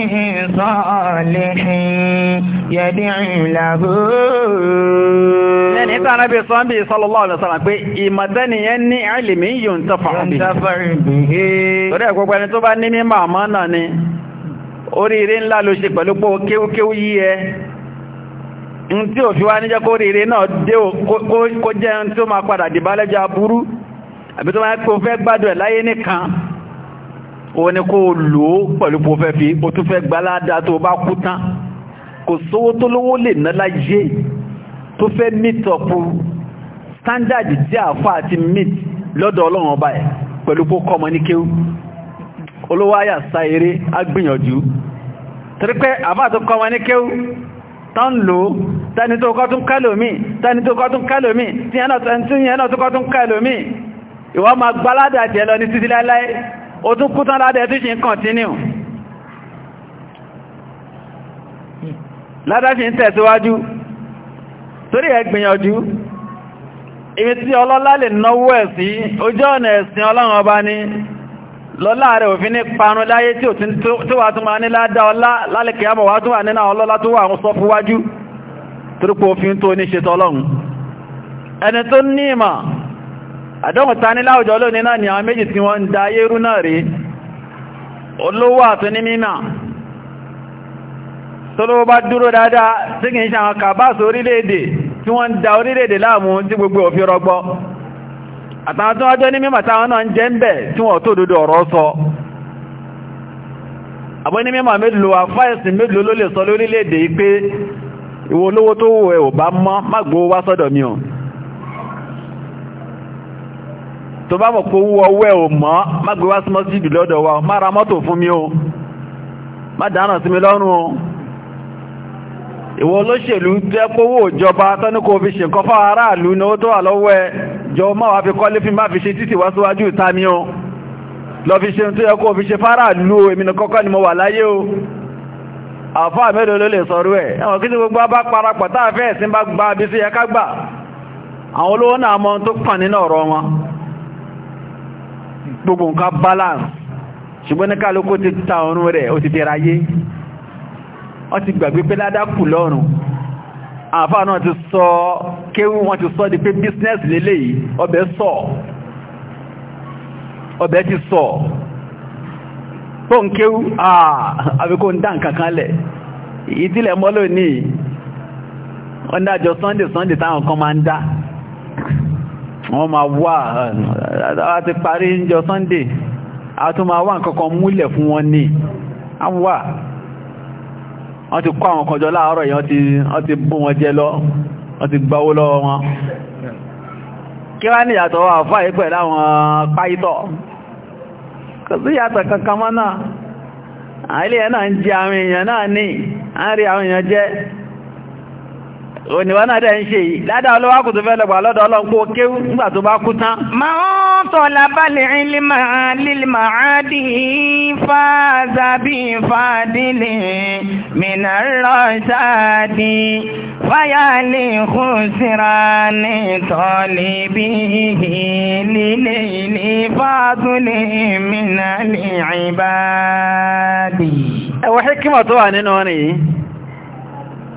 sọ́ọ̀lẹ̀ yẹ̀dí ìlàbó. lẹ́ni tí anábì sọ́n bí sallallahu alaihi wasallam pé ìmọ̀tẹ́niyẹn ní ilmi yóò faru bí. torí ẹ̀ gbogbo ẹni tó bá ní náà ni oríire ńlá ló ṣe pẹ̀lú pé yí ẹ ń tí ò fi wá níjẹ́ kó rèrè náà dé kó jẹ́ ń tó máa padà dìbá lẹ́jọ́ aburú àbí tó máa kó fẹ́ gbádùn ẹ̀ láyé nìkan òun ni kó lò ó pẹ̀lú kó fẹ́ fi ó tún fẹ́ gbaládá tó bá kú tán kò sówó tó lówó lè ná láyé tó fẹ́ mítọ̀pù standard tí àfà àti meet lọ́dọ̀ ọlọ́run ọba ẹ̀ pẹ̀lú kó kọ́mọ ní ní kéwú tán tẹni tó kọ́ tún kẹlòmí tẹni tó kọ́ tún kẹlòmí tí ẹnà tó kọ́ tún kẹlòmí ìwọ ma gbáládà jẹ́ lọ ní títí láíláí o tún kú tán ládẹ̀ tí ṣe ń kọ̀ntínú ládá ṣe ń tẹ̀síwájú torí ẹ gbìyànjú ibi tí ọlọ́lá lè náwó ẹ̀sí ojú ọ̀nà ẹ̀sìn ọlọ́run ọba ni lọ́lá rẹ̀ òfin ní parun láyé tí wà tún máa ní ládá ọlá lálẹ́kẹ̀ àmọ̀ wà tún wà nínú ọlọ́lá tó wà ń sọ fúwájú torípò òfin tó ní ṣe tọ́lọ́run ẹni tó ní ìmọ̀ àdọ́hùn ta ní láwùjọ ni àwọn méjì tí wọ́n ń da ayé rú náà rí olówó àtún ní mímọ̀ tó lówó bá àtàwọn tí wọ́n jẹ́ ní mímọ̀ táwọn náà ń jẹ́ ń bẹ̀ tí wọ́n tó dodo ọ̀rọ̀ sọ àbọ́ ní mímọ̀ mélòó àfáìsì mélòó ló lè sọ lórílẹ̀-èdè pé ìwọ olówó tó wọ ẹ̀ bá mọ́ má gbó wá sọ́dọ̀ mi ra o ìwọ olóṣèlú tẹ́ kówó ìjọba tọ́níkò fi ṣe nǹkan fáwọn aráàlú ní ó tó wà lọ́wọ́ ẹ jọ máa wá fi kọ́lé fi má fi ṣe títì wá síwájú lọ fi ṣe tó yẹ kó fi ṣe fáráàlú èmi ní kọ́kọ́ ni mo wà láyé o àfáà mélòó ló lè sọrú ẹ̀ ẹ̀wọ̀n kí tí gbogbo bá parapọ̀ táàfẹ́ ẹ̀sìn bá gba bí sí yẹ ká gbà àwọn olówó náà mọ̀ tó pàn nínú ọ̀rọ̀ wọn gbogbo nǹkan balance ṣùgbọ́n ní kálukú ti ta ọ̀run rẹ̀ ó ti tẹ̀ráyé wọ́n ti gbàgbé pé ládá kù lọ́rùn àfáà náà ti sọ kéwú wọ́n ti sọ di pé business lélẹ̀ yìí ọbẹ̀ sọ ọbẹ̀ ti sọ tó ń kéwú àbíkó ń dá nǹkan kan lẹ̀ ìdílẹ̀ mọ́lò ní wọ́n dájọ sunday sunday táwọn kan máa ń dá wọ́n máa wá àti parí ń jọ sunday a tún máa wá nǹkan múlẹ̀ fún wọn ní àwọn wà wọ́n ti kọ́ àwọn kọjọ láàárọ̀ yìí wọ́n ti bún wọn jẹ lọ wọ́n ti gbáwó lọ́wọ́ wọn kí wá ní ìyàtọ̀ wà fà yí pẹ̀lú àwọn páyítọ̀ kò sí ìyàtọ̀ kankan mọ́ náà àílẹ̀ náà ń jẹ àwọn èèyàn náà ní àárí àwọn èèyàn jẹ́ òníwá náà dẹ̀ ń ṣe yìí ládá ọlọ́wà kò tó fẹ́ lọ́gbà lọ́dọ̀ ọlọ́nkó kéwú nígbà tó bá kú tán. máa ń tọ́lá balẹ̀ ìlímà lílímà áàdì fàzàbí fàdílì mìnàrọ̀ sáàdì fáyàlì kùsìrà ní tọ́lé bí lílé ilé fàdúlé mìnàlì ìbáàdì. ẹ̀wọ̀ hikima tó wà nínú wọn nìyí.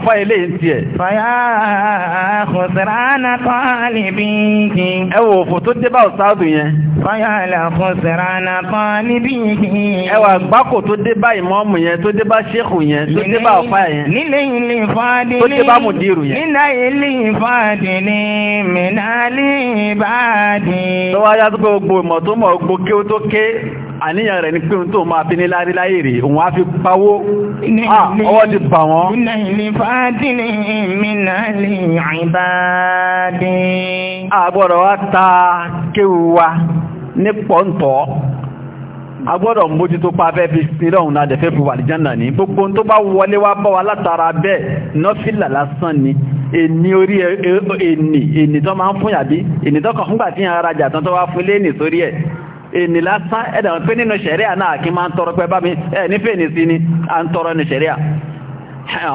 àfá ilé ìtì ẹ̀. Fọ́yá kòsìránà tọ́lì bí kí. Ẹ wo òfò tó dé bá òsáàdù yẹn. tó dé bá ṣékù yẹn, tó dé bá àfá yẹn. Nílé ilé ìfọ́dílé. Tó dé bá mùdírù yẹn. Nílé ilé ìfọ́dílé, mìnálì ìbáàdì. Tó wáyá tó gbogbo ìmọ̀ tó mọ̀ gbogbo kí ó tó ké àníyàn rẹ̀ ní pé ohun tó máa fi ní lárí láyé rè òun á fi pawó ah, ọwọ́ ti bà wọ́n. àgbọ̀dọ̀ wá ta kéwu wa ní pọ̀ntọ́ agbọ́dọ̀ mójútó pa fẹ́ fi sílẹ̀ òun láti fẹ́ fi ní gbogbo tó bá wọlé wá bá wa látara bẹ́ẹ̀ nọ́fìlà lásán ni èní orí èní èní tó máa ń fún yàbí èní tó kàn fúngbà tí yàn arajà tán tó wá fún lé nì ẹ̀ ènì lásán ẹ̀dà wọn pé nínú ṣẹ̀ríà náà kí máa ń tọrọ pé bá mi ẹ̀ nífẹ̀ẹ́ ní sí ni a ń tọrọ ní ṣẹ̀ríà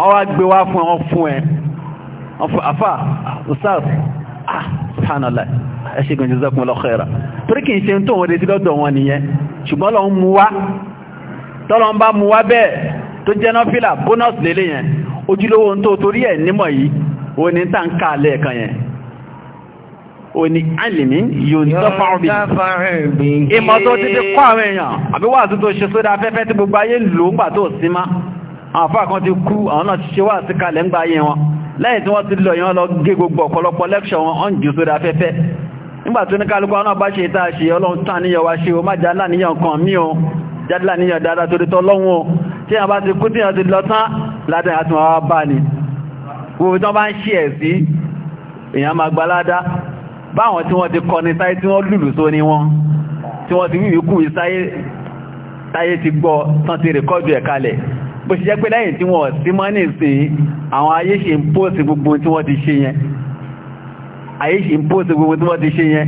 ọwá gbé wá fún ọ fún ẹ afá usaf ah subhanallah ẹ ṣe gbọ́njẹ́ zọ́kùn lọ khaira torí kì í ṣe tó wọ́n retí lọ́dọ̀ wọn nìyẹn ṣùgbọ́n lọ ń mú wá tọ́lọ ń bá mú wá bẹ́ẹ̀ tó jẹ́ nọ́fílà bónọ́sì lélẹ̀ ojúlówó ń tó torí ẹ̀ nímọ̀ yìí òní tá ń ká yẹn o ni alìmí yóò tọ́fà bí ìmọ̀ tó ti fi kọ́ àwọn èèyàn àbí wà tó tó ṣe sódá afẹ́fẹ́ tí gbogbo ayé lò ń gbà tó sí má àwọn fà kan ti kú àwọn náà ṣe wà sí kalẹ̀ ń gba ayé wọn lẹ́yìn tí wọ́n ti lọ yán lọ gé gbogbo ọ̀pọ̀lọpọ̀ lẹ́kṣọ̀ wọn ọ́n jù sódá afẹ́fẹ́ nígbà tó ní kálukú àwọn náà bá ṣe báwọn tí wọ́n ti kọ ní sáyé tí wọ́n lùlù só ní wọ́n tí wọ́n ti wíwí kú ìsáyé táyé ti gbọ́ tán ti rẹ̀kọ́dù ẹ̀ kalẹ̀ bó ṣe jẹ́ pé lẹ́yìn tí wọ́n sí mọ́ ní ìsìn àwọn ayé ṣe ń póòsì gbogbo tí wọ́n ti ṣe yẹn ayé ṣe ń póòsì gbogbo tí wọ́n ti ṣe yẹn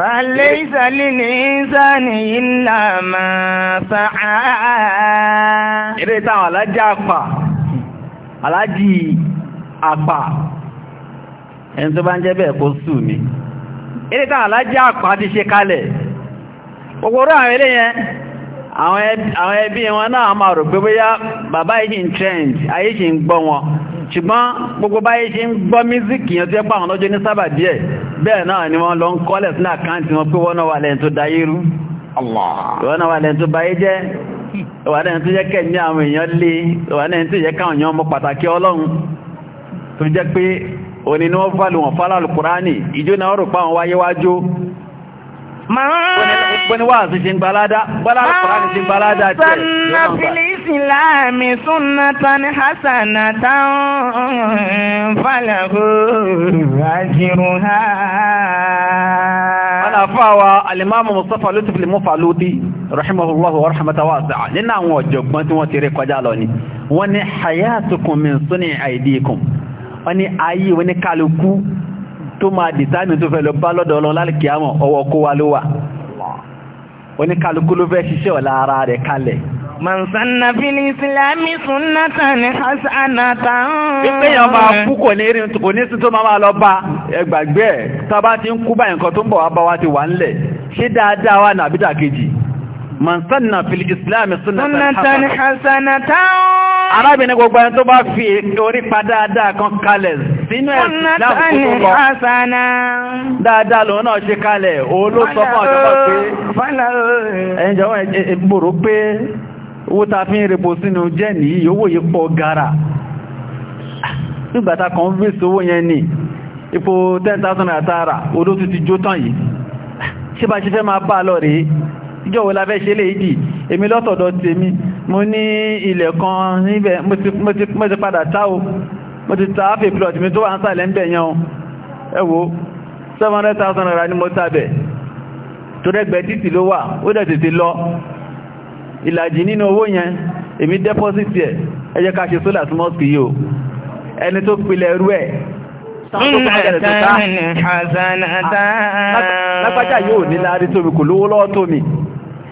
wa laysa lil insani illa ma sa'a eré táwọn alájá àpà alájì àpà ẹni tó bá ń jẹ́ bẹ́ẹ̀ kó sùn ni ilé tàn alájá àpá ti ṣe kalẹ̀ gbogboro àwọn ilé yẹn àwọn ẹbí wọn náà máa rò pé bóyá bàbá ìṣì trend ayé ṣì wọn ṣùgbọ́n gbogbo báyé ṣe ń gbọ́ mísíkì yẹn tó pàwọn lọ́jọ́ ní sábà díẹ̀ bẹ́ẹ̀ náà ni wọ́n lọ ń kọ́lẹ̀ àkáǹtì wọn pé wọ́n wà tó òní ni wọ́n fàlù wọn fàlù alùkùránì ìjó náà rò pa wáyé wájó Bọ́ni wá àti ṣe ń gbalada, bọ́lá alùkùránì ṣe ń gbalada tẹ́. Sọ́nà fílísì nínú àwọn ọ̀jọ̀gbọ́n tí wọ́n ti rí kọjá lọ ni, wọ́n ní Hayatukum min suni aidikum wọ́n ní ayé wọ́n ní kálukú tó máa dìtáìmì tó fẹ́ lọ bá lọ́dọ̀ lálìkìyàmọ̀ ọwọ́ kó wa ló wà wọ́n ní kálukú ló fẹ́ ṣiṣẹ́ ọ̀la ara rẹ̀ kalẹ̀ Man sanna ní rí kò ní sí ní àbídà man sanna fil islam sunnatan hasanatan arábìnrin gbogbo ẹni tó bá fi orí pada dáadáa kan kalẹ̀ sínú ẹ̀sìn láàrín gbogbo dáadáa lòun náà ṣe kalẹ̀ olóòsọ fún ọjọ́ pé ẹ̀yìn jọwọ́ ìgbòrò pé owó ta fi ń repo sínú jẹ́ nìyí owó yìí pọ̀ gara nígbàtà kan rí sówó yẹn ní ipò 10,000 àtàrà odó ti ti yìí ṣe bá máa bá lọ rèé ìjọwò lábẹ́ ṣe lè dì èmi lọ́tọ̀dọ̀ tèmi mo ní ilẹ̀ kan níbẹ̀ mo ti padà táwò mo ti ta áfẹ́ plot mi tó wà ń sàlẹ̀ ń bẹ̀ yan ẹ wò 700,000 ni mo tàbẹ̀ tó rẹ́gbẹ̀ títì ló wà ó dẹ̀ tètè lọ ìlàjì nínú owó yẹn èmi deposit ẹ̀ ẹ jẹ́ ká ṣe sólà sí mọ́sùkì yìí o ẹni tó pilẹ̀ ẹrú ẹ̀ ah, lápájá yóò ní láàrí tómi kò lówó lọ́wọ́ tómi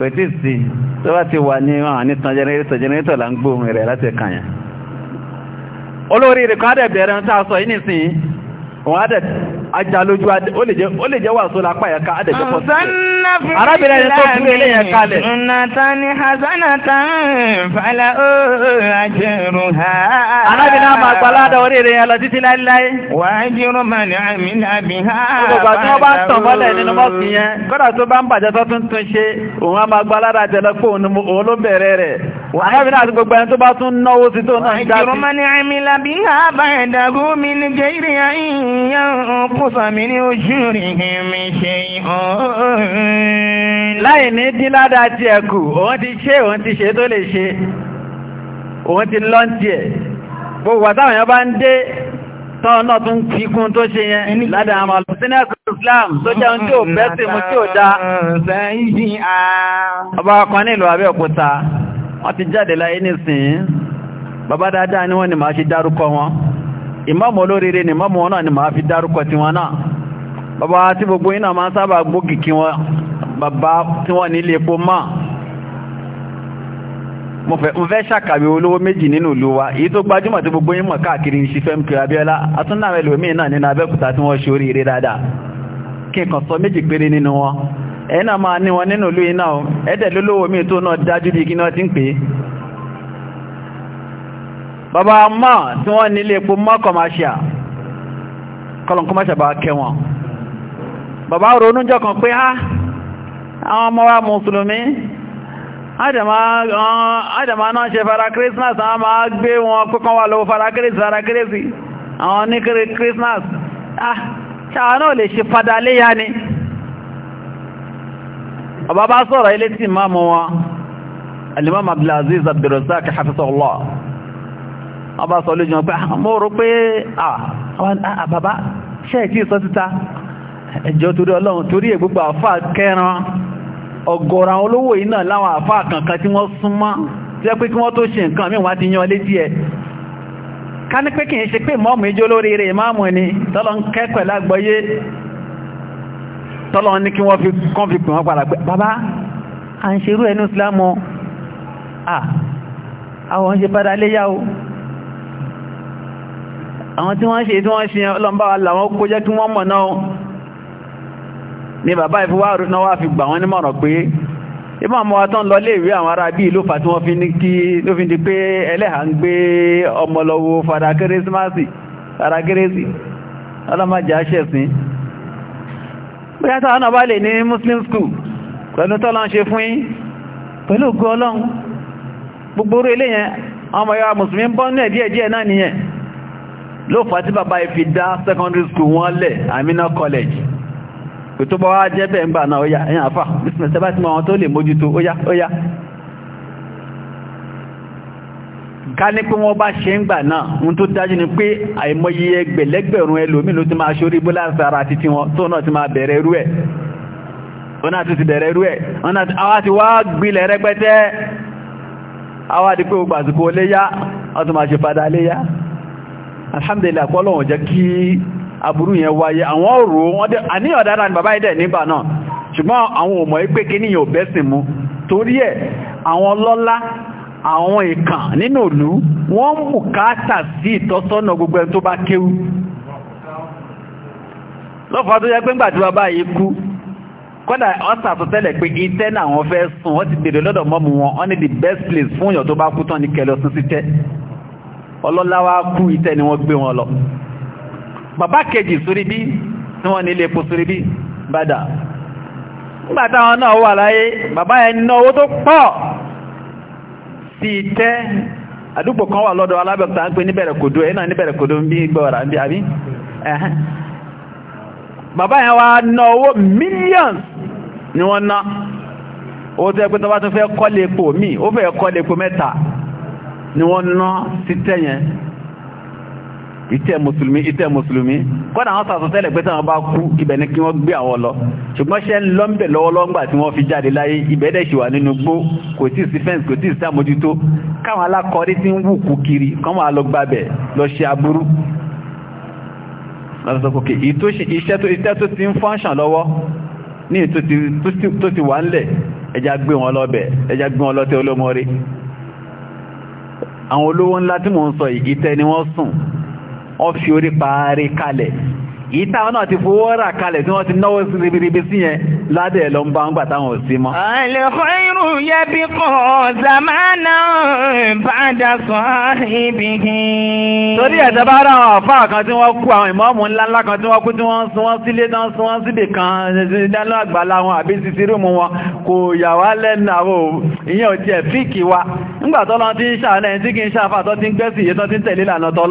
kò tí sí tó bá ti wà ní àwọn nítan jẹnẹrétọ̀ jẹnẹrétọ̀ là ń gbóhùn rẹ̀ láti kàyàn olórí rẹ̀ adẹ̀bẹ̀rẹ̀ ń tàà sọ yìí nìsín òun adẹ̀ ajá ó lè jẹ́ wàásù lápá yẹn ká náà máa gbaládà oríire yẹn lọ títí láíláí. wà á jírò máa ní àmì lábì ha. olùgbà tí wọ́n bá ń tàn mọ́lẹ̀ nínú mọ́ọ̀sì yẹn kódà tó bá ń bàjẹ́ tó tún tún ṣe òun á máa gbaládà jẹlọ pé òun ló bẹ̀rẹ̀ rẹ̀. arábìnrin àti gbogbo ẹni tó bá tún náwó sí tó náà ń dá sí. wà á jírò máa ní àmì lábì ha báyẹ̀ mi ní gẹ́rì láì ní díládà tí ẹkù òun ti ṣe òun ti ṣe tó lè ṣe òun ti lọ́ntì ẹ̀ gbogbo àtàwọn èèyàn bá ń dé tọ́ọ̀ tún fi kún tó ṣe yẹn ládà àmà lọ Islam tó jẹun tí ò bẹ́ sí mú tí ò dá ọba kan nílò Abẹ́òkúta wọ́n ti jáde láyé nìsìn bàbá dáadáa ni wọ́n ni máa dárúkọ wọn olóríire ni ma wọn ni máa fi dárúkọ tiwọn náà bàbá tí gbogbo máa sábà wọn bàbá tí wọ́n nílé epo máa mo fẹ́ ṣàkàwé olówó méjì nínú ìlú wa èyí tó gbajúmọ̀ tí gbogbo yín mọ̀ káàkiri ní ṣífẹ́ mk abiola atúnnáwó ẹlòmíín náà nínú abẹ́òkúta tí wọ́n ṣe oríire dáadáa kí nǹkan sọ méjì péré nínú wọn ẹ̀yìn náà máa ní wọn nínú ìlú yìí náà ẹ̀dẹ̀ lólówó míì tó náà dájú bí kí náà ti ń pè é bàbá mọ́ tí wọ́n nílé epo mọ́ kọmáṣíà kọlọ̀n kọmáṣíà bá kẹ wọn bàbá ronújọ́ kan pé á àwọn ọmọ wa mùsùlùmí àdàmà uh, náà ṣe fara Christmas àwọn máa gbé wọn pẹ́kàn wà lọ́wọ́ fara Christmas fara Christmas àwọn ní Christmas ah, ṣàwọn náà lè ṣe padà léyà ni ọba bá sọ̀rọ̀ ilé tí máa mọ́ wọn alimam Abdulaziz Abdulrazak hafizahullah ọba sọ lójú wọn pé ah, mọ́ rú pé ah, àbàbá ṣẹ́ẹ̀kì sọ títa ẹjọ́ torí ọlọ́run torí ègbùgbà fà ọ̀gọ̀rọ̀ àwọn olówó yìí náà láwọn àfáà kankan tí wọ́n súnmọ́ tí ẹ pé kí wọ́n tó ṣe nǹkan mí wọ́n ti yan létí ẹ̀ ká ní pé kì í ṣe pé mọ́ọ̀mù ijó lórí rẹ̀ máàmù ni tọ́lọ ń kẹ́kọ̀ẹ́ lágbọ́yé tọ́lọ ní kí wọ́n fi kán fi pè wọ́n padà pé bàbá à ń ṣerú ẹnu ṣe padà léyà o àwọn tí wọ́n ṣe tí wọ́n ṣe ọlọ́mbà wà láwọn ni bàbá ìfúwà náà wá fi gbà wọ́n nímọ̀ràn pé ìmọ̀ ọmọ wa tán lọ lé ìwé àwọn ará bí ìlú fà wọ́n fi ní kí ló fi di pé ẹlẹ́hà ń gbé ọmọ lọ́wọ́ fara kérésìmásì ara kérésì ọlọ́mọjà ṣẹ̀sìn bóyá táwọn lè ní muslim school pẹ̀lú tọ́lọ́ ṣe fún yín pẹ̀lú ògùn ọlọ́run gbogbo orí ilé yẹn ọmọ ìyá mùsùlùmí ń secondary school wọn amina college pé tó bá wá jẹ́ bẹ́ẹ̀ ń gbà náà ó yá ẹ̀yàn àfà bísínẹ̀sẹ̀ bá ti mọ àwọn tó lè mójútó ó yá ká ní pé wọ́n bá ṣe ń gbà náà ohun tó dájú ni pé àìmọye ẹgbẹ̀lẹ́gbẹ̀rún ẹlòmíì ló ti máa ṣorí bó lására títí wọn tó náà ti máa bẹ̀rẹ̀ irú ẹ̀ wọn náà ti ti bẹ̀rẹ̀ irú ẹ̀ wọn náà àwa ti wá gbilẹ̀ rẹpẹtẹ àwa di pé gbogbo àsìkò léyá wọn tún máa ṣe padà léyá alhamdulillah kọ́ lọ́wọ́n jẹ́ kí aburú yẹn wáyé àwọn ọ̀rọ̀ wọ́n dẹ̀ àníyàn dára ní bàbá ìdẹ̀ nígbà náà ṣùgbọ́n àwọn ò mọ̀ kí níyàn ò bẹ́sìn mu torí ẹ̀ àwọn lọ́lá àwọn ìkàn nínú ìlú wọ́n ń bùkátà sí ìtọ́sọ́nà gbogbo ẹni tó bá kéwú lọ́fà tó yẹ pé ńgbà tí bàbá yìí kú kọ́dà wọ́n sàtọ́tẹ́lẹ̀ pé itẹ́ the best place fún ìyàn tó bá kú tán ní kẹlọ́sùn sí tẹ́ ọlọ́lá wá ni wọ́n gbé wọn lọ bàbá kejì sórí bí tí wọ́n nílé epo sórí bí bàdà nígbàtà wọn náà wà láyé bàbá yẹn ní owó tó pọ̀ sí àdúgbò kan wà lọ́dọ̀ alábẹ̀kúta ń pè níbẹ̀rẹ̀ kòdó ẹ̀ náà níbẹ̀rẹ̀ kòdó bí gbọ́ra ni ìtẹ́ mùsùlùmí ìtẹ́ mùsùlùmí kọ́nà àwọn sàtọ̀ tẹ́lẹ̀ pé táwọn bá kú ibẹ̀ ni kí wọ́n gbé àwọn lọ ṣùgbọ́n ṣe ń lọ ń bẹ̀ lọ́wọ́lọ́ngbà tí wọ́n fi jáde láyé ibẹ̀ dẹ̀ ṣì wà nínú gbó kò tí sí fẹ́ǹsì kò tí sí àmójútó káwọn alákọ̀ọ́rí tí ń wù kú kiri kán wà lọ gbàbẹ̀ lọ ṣe aburú lọ́sọ̀kòkè iṣẹ́ tó ti ń àwọn olówó ńlá tí mò ń sọ ìgítẹ́ ni wọ́n sùn wọ́n fi orí parí kalẹ̀ yìí náà ti fowó rà kalẹ̀ tí wọ́n ti náwó ribiribi sí yẹn ládẹ̀ lọ ń bá ń gbà táwọn sí mọ́. al-khayru yabiqu zamanan ba'da sahibihi. torí ẹ̀sẹ̀ bá rà àwọn àfáà kan tí wọ́n kú àwọn ìmọ̀ọ́mù ńláńlá kan tí wọ́n kú tí wọ́n sún wọ́n sílé tán sún wọ́n síbì kan dánú àgbàlá wọn àbí sisi rúùmù wọn kò yà lẹ́nu àwọn ìyẹn ò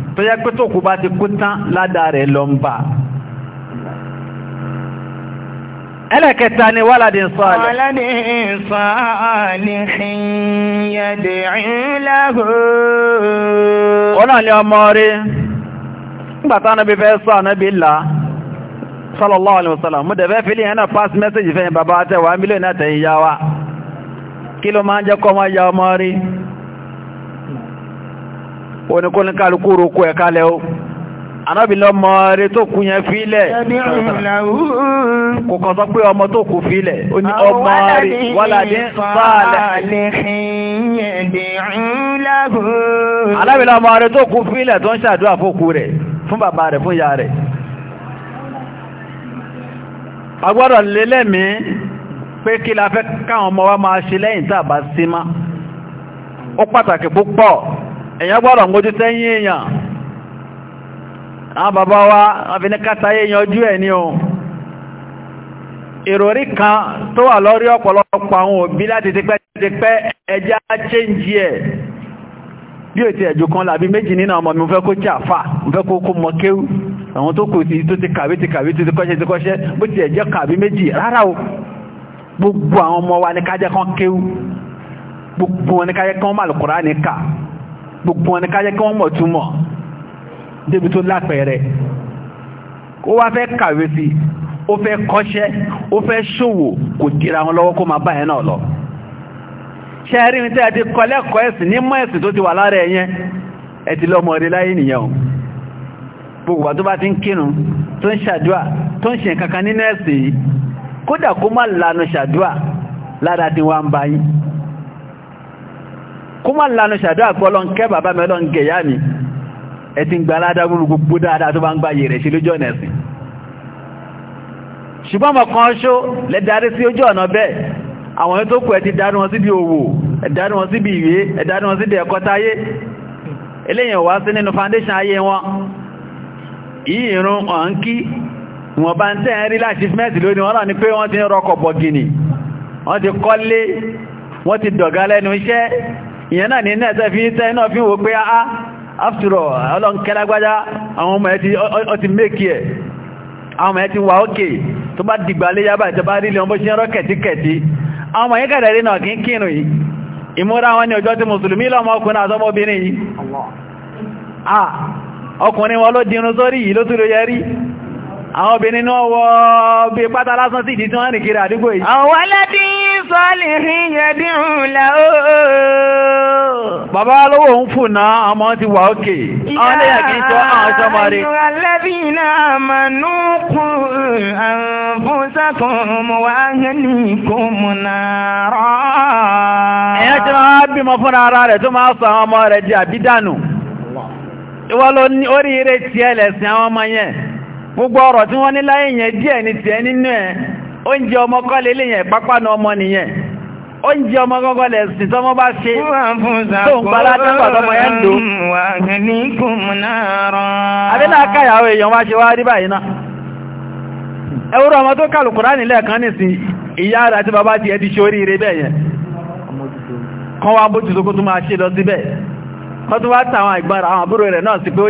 tó yẹ pé tó bá ti kú tán ládàá rẹ̀ lọ ń bà. ẹlẹ́kẹta ni waladin salih. waladin salihin náà ni fẹ́ sọ àná bí là sallallahu alaihi wasallam mo dẹ̀fẹ́ fílì yẹn pass message fẹ́yìn bàbá àtẹwà mílíọ̀nù àtẹ̀yìn kí ló máa ń jẹ́ kọ́ ọmọ yá ọmọ rí oníkóníkálukú roko ẹ̀ká lẹ́ o anábìlẹ̀ ọmọ rẹ tó kú yẹn fílẹ̀ kò kàn sọ pé ọmọ tó kú fílẹ̀ ó ní ọmọ rẹ wàlàdín sáàlẹ̀ anábìlẹ̀ ọmọ rẹ tó kú fílẹ̀ tó ń ṣàdúrà fókú rẹ̀ fún bàbá rẹ̀ fún ìyá rẹ̀ agbọ́dọ̀ lélẹ́mí pé kí èyàn gbọ́dọ̀ mójú sẹ́yìn èyàn àwọn bàbá wa wọ́n fi ní kátayé yanjú ẹ̀ ní o ìròrí kan tó wà lórí ọ̀pọ̀lọpọ̀ àwọn òbí láti ti pẹ́ ti pẹ́ ẹjá chéńjì ẹ̀ bí o ti ẹ̀jù kan làbí méjì nínú ọmọ mi fẹ́ kó jà fà fẹ́ kó kó mọ kéwú àwọn tó kù tó ti kàwé ti kàwé ti kọ́ṣẹ́ ti kọ́ṣẹ́ bó ti ẹ̀jẹ́ kàwé méjì rárá o gbogbo àwọn ọmọ wa ní kájẹ́ kan kéwú gbogbo wọn ní kájẹ́ kan màlùkùrá ní kà gbogbo wọn ni kájẹ́ kí wọ́n mọ̀ túmọ̀ débi tó lápẹẹrẹ ó wá fẹ́ kàwé sí ó fẹ́ kọ́ṣẹ́ ó fẹ́ ṣòwò kò dira wọn lọ́wọ́ kó máa bá yẹn náà lọ ṣẹ́rí ní tẹ́ ti kọ́ lẹ́kọ̀ọ́ ẹ̀sìn nímọ̀ ẹ̀sìn tó ti wà lára ẹ̀yẹn ẹ ti lọ́mọ rí láyé nìyẹn o gbogbo tó bá ti ń kírun tó ń ṣàdúà tó ń ṣe kankan nínú ẹ̀sìn yìí kódà kó má lanu ṣàdúà lára tí wọ́n ń bá kó má lanu ṣàdó àpọ́lọ́ ń kẹ́ bàbá mi ọlọ́n gẹ̀yà mi ẹ ti ń gba aládágúrú gbogbo dáadáa tó bá ń gba yèrè ṣe lójú ọ̀nà ẹ̀sìn ṣùgbọ́n ọmọ kan ṣó lẹ sí ojú ọ̀nà bẹ́ẹ̀ àwọn ẹni tó ti darí wọn síbi òwò ẹ darí wọn síbi ìwé ẹ darí wọn síbi foundation ayé wọn yìí irun ọ̀n kí wọ́n bá ń tẹ́ ni pé wọ́n ti rọkọ̀ bọ̀gìnì wọ́n ti kọ́lé ti dọ̀gá lẹ́nu iṣẹ́ ìyẹn náà ní ẹ̀sẹ̀ fi tẹ́ náà fi wò pé á ah, after all ọlọ́nkẹ́lágbájá àwọn ọmọ ẹ̀ ti make ẹ̀ àwọn ọmọ ẹ̀ ti wà ókè tó bá dìgbà léyà báyìí tó bá ọmọ ṣe kẹ̀tíkẹ̀tí àwọn ọmọ àwọn obìnrin náà wọ bí pátá lásán sí ìdí tí wọ́n kiri àdúgbò yìí. àwọn aládé sọ́ọ̀lì rìn yẹ̀dìrún la ó. bàbá lówó ń fò náà ti wà òkè. ìyá ọmọ rẹ̀ àbídànù. ìwọ́n ló ní àwọn ọmọ yẹn. gbogbo ọ̀rọ̀ tí wọ́n níláyé láyé yẹn díẹ̀ ní tiẹ̀ nínú ẹ̀ oúnjẹ ọmọ kọ́ lélẹ̀ yẹn pápánu ọmọ nìyẹn oúnjẹ ọmọ gọ́gọ́ lẹ̀ sí tọ́mọ bá ṣe tó ń balá tẹ́pà yẹn dò wá bójútó kó tún máa ṣe lọ síbẹ̀ tún wá tàwọn àwọn àbúrò rẹ̀ náà sí pé ó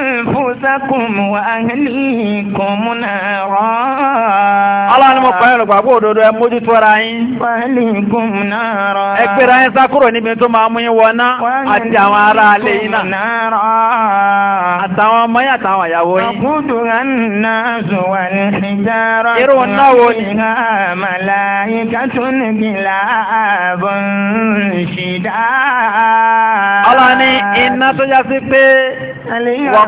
أنفسكم وأهليكم نارا Allah ni mo pa ẹ̀rọ gbàgbọ́ òdodo ẹ mójú tó ara yín. Wàhálìkùn náírà. Ẹ pèrè ayé sá kúrò níbi tó máa mú yín wọná àti àwọn ará alẹ́ yín náà. Àtàwọn ọmọ yín àtàwọn ìyàwó yín. Àkúdù àná zùwà ní ìjárọ̀. Irú náà wo ni? Ìhà màláyíká tún níbi làbọ̀ ń ṣìdá. Allah iná tó yá sí pé wọ́n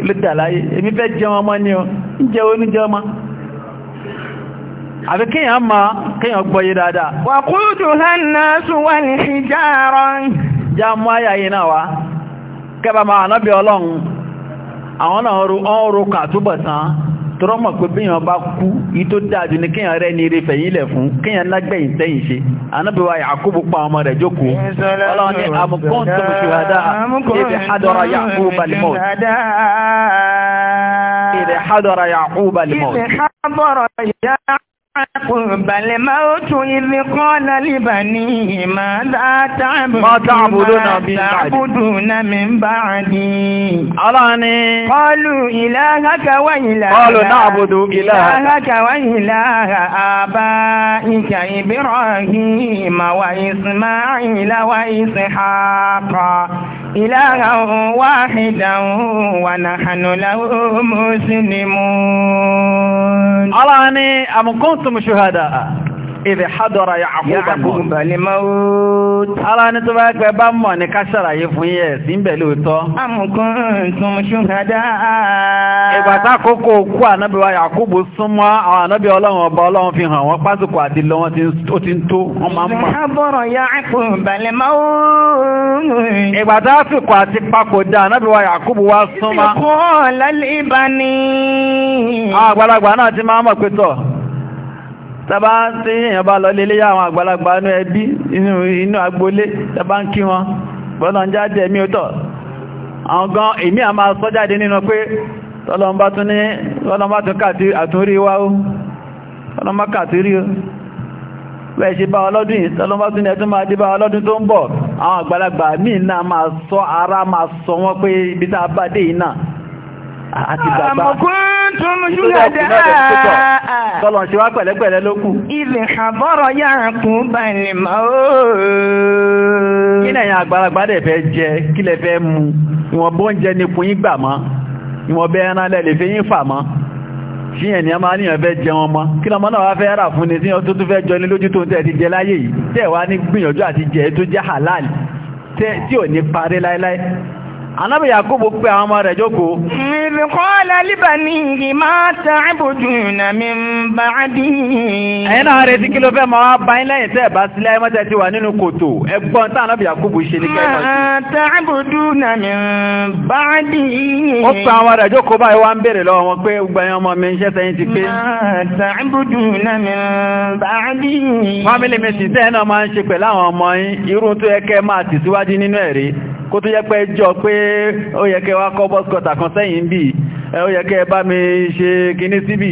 ìlú dàláyé èmi fẹ́ jẹun ọmọ ní o ń jẹ oníjẹ ọmọ àfi kíyàn ma kíyàn gbọ́yé dáadáa wà kúrùtù hannà súnwà ní hijáran já mú ayà yìí náà wá kẹba ma ànábí ọlọ́run àwọn náà ọrùn kàtúbọ̀tán tọ́rọmọ̀ pé bí yàn bá kú yí tó ní kíyàn rẹ̀ ní eré fẹ̀yìn ilẹ̀ fún kíyàn lágbẹ̀yìn tẹ́yìn ṣe anábíwá Yakubu pa ọmọ rẹ̀ jókòó ọlọ́run àmùkún tó mú ṣùhádá ibi hadara Yakuba al ibi hadara Yakuba al Àkùnbalẹ̀ máa ó tún ibi kọ́ lálìbà ní ìmáta tábùdù náà mi ń bá àdí. Aláàní. Kọlù ìlàáhákà wà ìlàáhà. Kọlù náà bùdù ìlàáhà. Ìlàáhákà wà ìlàáhà àbá ìkà Ibrahim wà Ismaila wà Ishaqa ìlàrà wà ìdáhùn wà nàhànà láwọ́ mùsùlùmí. Allah ni àmùkúntùm ṣùhádà ìdè hadọ́ra yàkúbà mọ́t. ara ní tó bá pẹ́ bá mọ̀ ní ká ṣàlàyé fún yẹ̀ sí ń bẹ̀ lóòótọ́. amukun tún ṣúgádá. ìgbà tá àkókò kú ànábì wa yàkúbù súnmọ́ àwọn ànábì ọlọ́run ọba ọlọ́run fi hàn wọ́n pásìkò àti lọ wọ́n ti ń tó wọ́n máa ń mọ̀. hadọ́ra yàkúbà mọ́t. ìgbà tá àsìkò àti papòdà ànábì wa yàkúbù wa súnmọ́. ìkọ́ lálẹ́ ìbáni. àgbàlagbà náà ti máa mọ̀ pé tọ̀ tàbá tí èèyàn bá lọ lélé àwọn àgbàlagbà inú ẹbí inú agbolé tàbá ń kí wọn bọ́nà ń jáde ẹ̀mí òtọ̀ àwọn gan èmí àmà sọ́jáde nínú pé tọ́lọ́mbá tún ní tọ́lọ́mbá tún kàtí àtúrí wá ó tọ́lọ́mbá kàtí ara máa sọ wọ́n pé ibi àti bàbá àmọ̀kúntún ṣúgàdá tọ́lọ̀ ṣe wá pẹ̀lẹ́pẹ̀lẹ́ ló kù ilẹ̀ àbọ́rọ̀ yára kún balẹ̀ mọ́ kí lẹ́yìn àgbàlagbà dẹ̀ fẹ́ jẹ kí lẹ fẹ́ mu ìwọ̀n bó ń jẹ ní kun yín gbà mọ́ ìwọ̀n bẹ́ ẹran lẹ́lẹ̀ fi yín fà mọ́ kí ẹ̀ ní a máa níyàn fẹ́ jẹun mọ́ kí lọmọ náà wá fẹ́ rà fún ni tí wọ́n tó tún fẹ́ jọ ní lójú tó ń tẹ́ ti jẹ láyé yìí tẹ́ wá ní gbìyànjú àti jẹ tó jẹ́ halal tí ò ní parí láíláí anábì yakubu pé àwọn ọmọ rẹ̀ jókòó. ìbí kọ́lá líbà ní ìhì máa ta àbójú nà mí ń bá a dì í. ẹ̀yin náà retí kí ló fẹ́ máa bá yín lẹ́yìn tẹ́ bá sílẹ̀ ayé mọ́tẹ́ ti wà nínú kòtò ẹgbọ́n tá anábì yakubu ṣe ní kẹ́kọ̀ọ́ sí. máa ta àbójú nà mí ń bá a dì í. ó sọ àwọn rẹ̀ jókòó báyìí wá ń béèrè lọ́wọ́ wọn pé gbẹ̀yìn ọmọ mi ń ṣẹ́ sẹ́yìn ti pé. máa ta àbójú nà mí ń bá a dì mi sì tẹ́ ẹ náà máa ń ṣe pẹ̀lú àwọn ọmọ yín irú tó yẹ kẹ́ kó tó yẹ pé jọ pé ó yẹ kẹ́ wá kọ́ bọ́skọ̀tà kan sẹ́yìn bí ó yẹ kẹ́ bá mi ṣe kíní síbì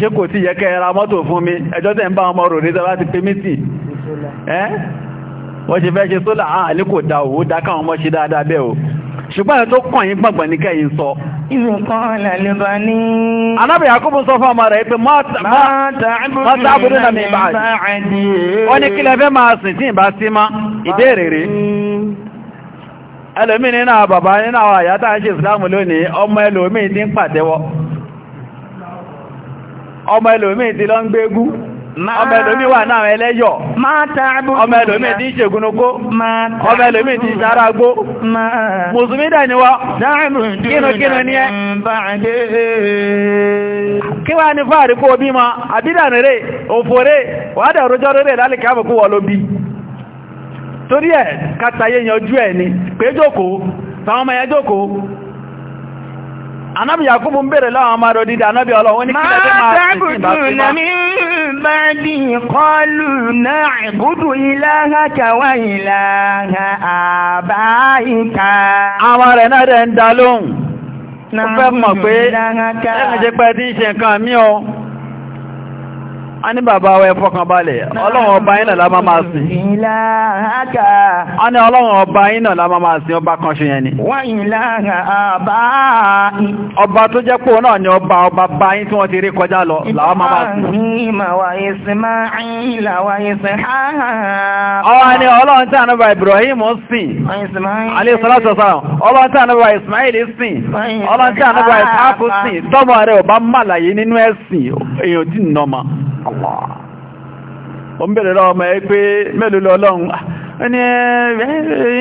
ṣe kò tí yẹ kẹ́ ra mọ́tò fún mi ẹjọ́ tẹ́ ń bá ọmọ rò nítorí láti pé mítì wọ́n ṣe fẹ́ ṣe sólà àlẹ́ kò dá òwú ọmọ ṣe dáadáa o ṣùgbọ́n tó kàn yín yi ní sọ. sọ fún ọmọ rẹ̀ pé mi wọ́n ní kílẹ̀ fẹ́ máa sìn tí sí mọ́ ìbéèrè ẹlòmí nínú àwọn bàbá nínú àwọn àyátà ń ṣe ìsìlámù lónìí ọmọ ẹlòmí ti ń pàtẹwọ ọmọ ẹlòmí ti lọ ń gbégú ọmọ ẹlòmí wà náà ẹlẹ́yọ̀ ọmọ ẹlòmí ti ṣègúnukó ọmọ ẹlòmí ti mùsùlùmí ní ẹ kí torí ẹ̀ kátayé yanjú ẹ̀ ni pé jókòó fáwọn ọmọ yẹn jókòó anábì yakubu ń bèèrè láwọn ọmọ rẹ̀ dídá anábì ọlọ́wọ́ ní kílẹ̀ tó máa ṣe sí ń dá a ní bàbá wa ẹ fọkàn balẹ̀ ọlọ́run ọba yínà la máa máa a ní ọlọ́run ọba yínà la máa máa ọba kan ṣe yẹn ni ọba tó jẹ́ pò náà ni ọba ọba báyín tí wọ́n ti rí kọjá lọ làwọn máa máa sìn ọlọ́run tí ànábà Ibrahim ọba màlàyé nínú ẹ̀sìn èèyàn dì nọ́mà o ń bèèrè lọ́wọ́ ẹ pé mélòó lọ lọ́hun ẹni eh,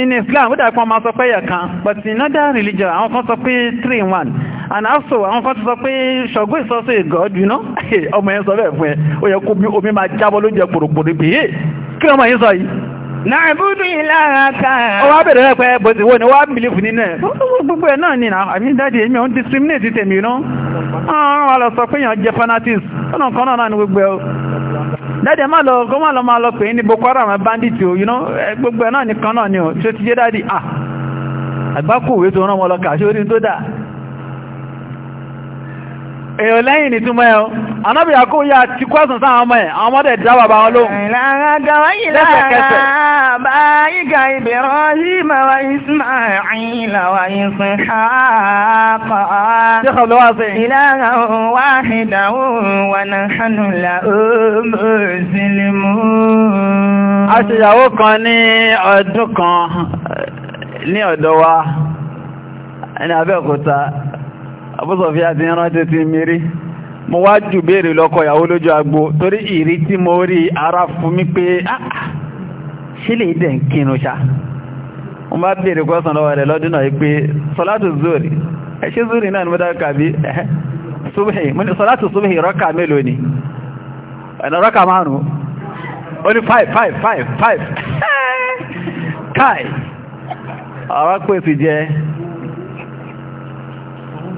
ẹni Islam kan máa sọ pé ẹ̀yà kan but in other religion àwọn kan sọ pé 3-1 and also àwọn kan sọ pé ṣọ̀gbó ìsọ́sọ́ ìgọ́dù iná ọmọ yẹn sọ bẹ́ẹ̀ fún ẹ ó yẹ kó omi máa jábọ́ lóúnjẹ pòròpòrò bí kí ọmọ yẹn sọ yìí Nàìbúdú ìlara ká. Ó wá bèèrè rẹ̀ pé bọ̀tí wo ni wá bìlífù nínú ẹ̀. ni àmì dáàdì èmi òun discriminate tèmi ná. Àwọn wa lọ sọ pé èèyàn jẹ fanatics. Ó nà kan náà ni gbogbo ẹ̀ o. Dáàdì ẹ̀ má lọ kó má lọ Boko Haram bandit o. Gbogbo ẹ̀ náà ni kan náà ni o. Ṣé ti jẹ́ dáàdì? Ah. Àgbákò òwe tó rán wọn lọ kà ṣé orí tó dáa èèyàn lẹ́yìn ní túnmọ́ ẹ̀hún anábì àkó yá ti kwẹ́sùn sáà ọmọ ẹ̀ àwọn ọmọdé dá bàbá wọn lóhun aṣèyàwó kan ní ọdún kan ní ọ̀dọ̀ wa ẹni Abẹ́òkúta abúsọ̀fí àti ìrántí ti mìírí mo wá jù béèrè lọ́kọ ìyàwó lójú agbo torí ìrí tí mo ara fún mi pé ah, ah, ṣe lè dẹ̀ ń kinu ṣá mo bá béèrè kwẹ́sàn lọ́wọ́ rẹ̀ lọ́dún náà pé zuri zuri rọ́kà mélòó ni rọ́kà márùn-ún ó ní 5 5 5 5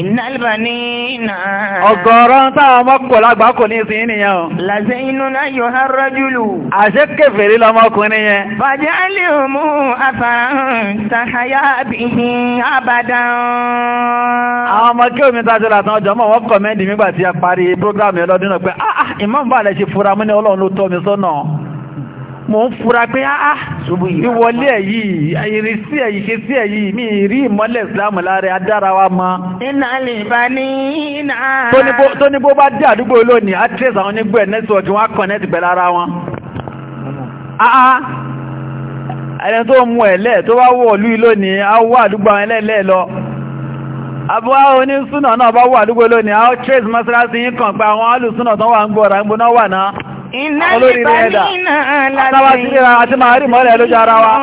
ìnálìbà ní iná. ọ̀gọ̀rọ̀ ń táwọn ọmọkùnrin àgbà kò ní sí nìyẹn o. làṣẹ inú náà yóò há rọ́júlù. àṣẹ kẹfẹ́rí lọmọkùnrin yẹn. bàjẹ́ alẹ́ òmù àfàràn tàhayà bìí àbàdàn. àwọn ọmọ kí omi ta ṣe là tán mo ń fura pé áá ìwọlé ẹ̀ yìí ìrísí ẹ̀ yìí ṣe ẹ̀ yìí mi rí ìmọ́lẹ̀ ìsìlámù lára adára wa mọ́. iná lè bá ní iná. tó ní bó bá dé àdúgbò lónìí atress àwọn onígbò ẹ̀ nẹ́tíwọ̀kì wọn á connect pẹ̀lú ara wọn. áá ẹni tó mú ẹ̀ lẹ̀ tó bá wọ̀ lú lónìí á wọ àdúgbò àwọn ẹlẹ́lẹ́ lọ. àbúwá onísùnà náà bá wọ àdúgbò lónìí á iná ìbálẹ̀ náà lálẹ́ àtàwà sílẹ̀ àti màárì mọ́lẹ̀ lójú ara wa.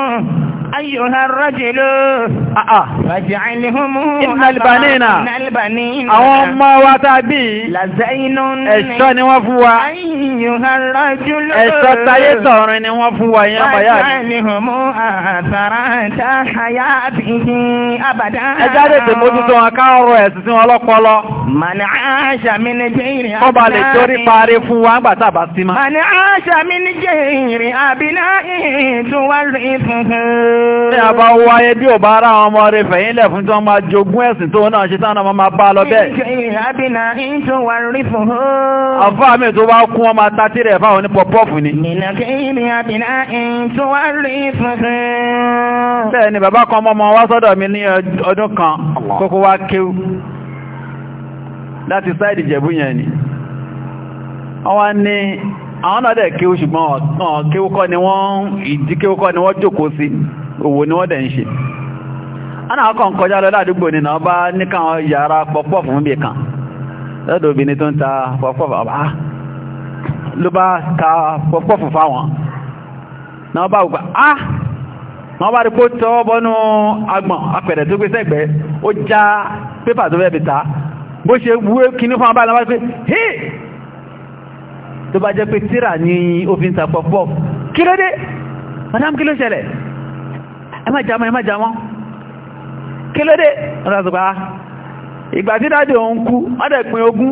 أيها الرجل فاجعلهم إن البنين àwọn ọmọ wa tàbí ẹ̀ṣọ́ ni wọ́n fún wa ẹ̀ṣọ́ tayé tọ̀rin ni wọ́n fún wa yẹn bàyá ẹ jáde tí mo tuntun wọn ká ọrọ̀ ẹ̀sìn tí wọ́n lọ́pọlọ kọ́ ba lè torí parí fún wa ńgbà tàbá sí ma. mani aṣa mi ní jẹ́ ìrìn àbíná ìhìn tó wá rí fún un. ní àbá wáyé bí ò bá rá ọmọ rẹ̀ fẹ̀yìnlẹ̀ fún tí wọ́n máa jogún ẹ̀sìn tó náà ṣe tánà máa bá lọ bẹ́ẹ̀. àfá tó bá kún ọmọ tàti rẹ̀ fáwọn ní ni. bàbá kan wá sọ́dọ̀ mi ní ọdún kan kókó wá láti sáìdì jẹ̀bú yẹn ni wọ́n ní àwọn náà dẹ̀ ṣùgbọ́n kọ́ ni wọ́n ìdí kọ́ ni wọ́n jókòó sí òwò ni wọ́n dẹ̀ ń ṣe ana akọ̀ kọjá lọ ládùúgbò ni náà bá níkan yàrá pọ̀pọ̀ fún bí kan lọ́dọ̀ obìnrin tó ń ta pọ̀pọ̀ bàbá ah, ló bá ta pọ̀pọ̀ fún fáwọn náà bá gbà ah! á wọ́n bá rí kó tọ́ bọ́nú agbọ̀n apẹ̀rẹ̀ tó gbé sẹ́gbẹ́ ó já pépà tó ni ó fi ń ta pọ̀pọ̀ kí ló ẹ má kí ló dé ìgbà tí òun kú wọ́n dẹ̀ ogún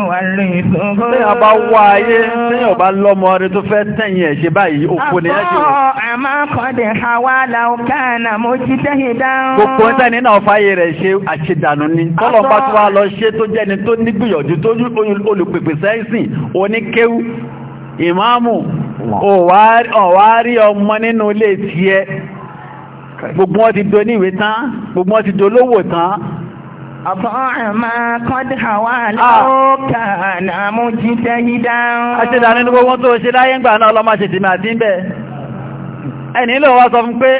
wàlúùsùn. Téèyàn bá wá ayé, téèyàn bá lọ́mọ rẹ tó fẹ́ tẹ̀yìn ẹ̀ báyìí, òfò ni ẹ́ ṣe wò. Àbọ̀ àmọ́ kọ́dẹ̀ Hawa Laukana mo jí tẹ́yìn dáhùn. Gbogbo ń tẹ́ni náà fáyé rẹ̀ ṣe àṣedànù ni. Tọ́lọ̀ bá tí wàá lọ ṣe tó jẹ́ni tó nígbìyànjú tó olùpèpè Àbọ̀ọ̀mà kọ́dà wà náà mú jíjẹ́ yídá. A ṣe dàní ní gbogbo tó ṣe láyé ń gbà náà lọ máa ṣe tèmi àti ń bẹ̀. Ẹni sọ fún pé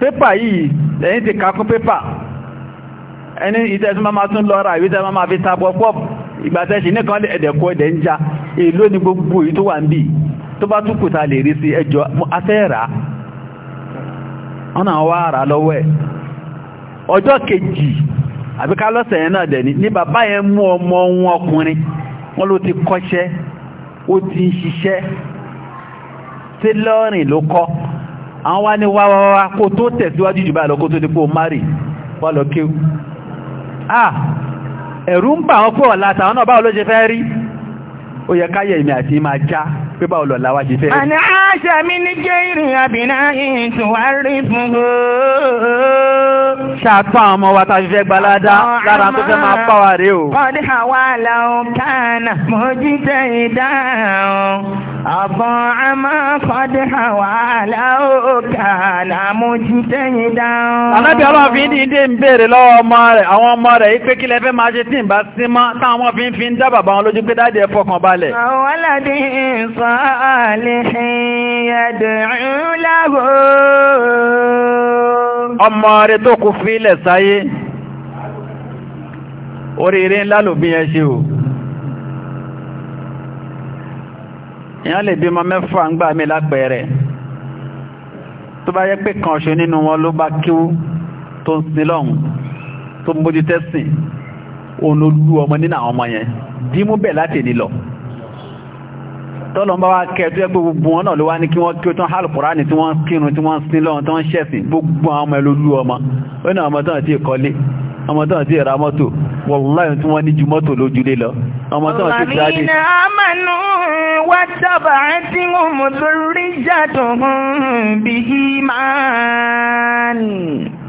pépà yìí lẹ́yìn ti kakún pépà. Ẹni ìtẹ́sùn máa tún lọ ra ìwé máa fi tabọ̀ ẹ̀dẹ̀kọ́ ẹ̀dẹ̀ ń já gbogbo èyí tó wà ń tó bá tún kùtà ọjọ́ kejì àbíká lọ́sẹ̀ yẹn náà dẹ̀ ní bàbá yẹn mú ọmọ wọn ọkùnrin wọn ló ti kọ́ṣẹ́ ó ti ń ṣiṣẹ́ tí lọ́rìn ló kọ́ àwọn wá ní wáwáwá kó tó tẹ̀síwájú jù báyìí lọ kó tó dípò mari wọ́n lọ kéwú ah ẹ̀rù ń bà wọ́n pọ̀ láta àwọn náà báwọn ló ṣe fẹ́ rí ó yẹ káyẹ̀ ìmẹ̀ àti máa já pé báwo lọ làwà ṣe fẹ́. àná àṣà mi ní jẹ́ ìrìn àbìnà ìtùwárí fún o. ṣàtọ́ àwọn ọmọ wa ta fi gbalada lára tó fẹ́ máa bá wa rèé o. ọdẹ àwa làwọn kánà mojútẹ́ ìdáhùn. أضاع ما قد حوى لو كان مجتهدا Ànábì ọlọ́run fi ń dìde ń béèrè lọ́wọ́ ọmọ rẹ̀, àwọn ọmọ rẹ̀ yí pé kí lẹ́fẹ́ máa ṣe tí ń bá sí mọ́ táwọn ọmọ fi ń fi ń dábà bá wọn lójú pé dáadé ẹ balẹ̀. Ọmọ rẹ̀ tó kú fílẹ̀ sáyé, oríire ńlá lòbí yẹn ṣe èèyàn lè bímọ mẹ́fà ń gbà mí lápẹẹrẹ tó bá yẹ pé kan ṣe nínú wọn ló bá kíwú tó ń sin lọ́hùn tó ń bójú tẹ́sìn òun ló lú ọmọ nínú àwọn ọmọ yẹn dímú bẹ̀ láti nílọ tọ́lọ́mbá wá kẹ́ tó yẹ pé gbogbo wọn náà ló wá ní kí wọ́n kí ó tán hálùkùránì tí wọ́n kírun tí wọ́n sin lọ́hùn tó ń ṣẹ̀sìn gbogbo àwọn ọmọ ẹ ló lú ọmọ ó ní àwọn ọmọ tó náà ti kọ́lé ọmọ tó àti ẹ̀rà mọ́tò wọ̀láyìn tí wọ́n ní ju mọ́tò lójúlé lọ ọmọ tó àti ìtàdé wá tábà tí wọ́n mọ̀ lórí jàdùn bí i máa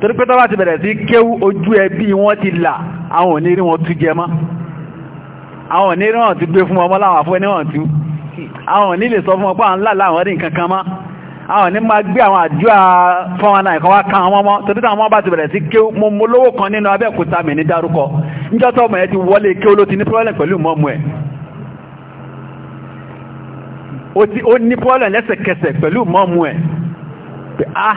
torí pé tọ́wà ti bẹ̀rẹ̀ sí kéwú ojú ẹbí wọ́n ti là àwọn ò ní rí wọn tú jẹ mọ́ àwọn ò ní rí wọn ti gbé fún ọmọ láwọn àfọ́ níwọ̀n tú àwọn ò ní lè sọ fún ọpá ńlá láwọn rí nǹkan kan mọ́ àwọn ò ní máa gbé àwọn àjọ fọwọn náà ìkọwá kan àwọn ọmọ torí táwọn ọmọ bá ti bẹ̀rẹ̀ sí kéwú mo mo lówó ẹ ti ah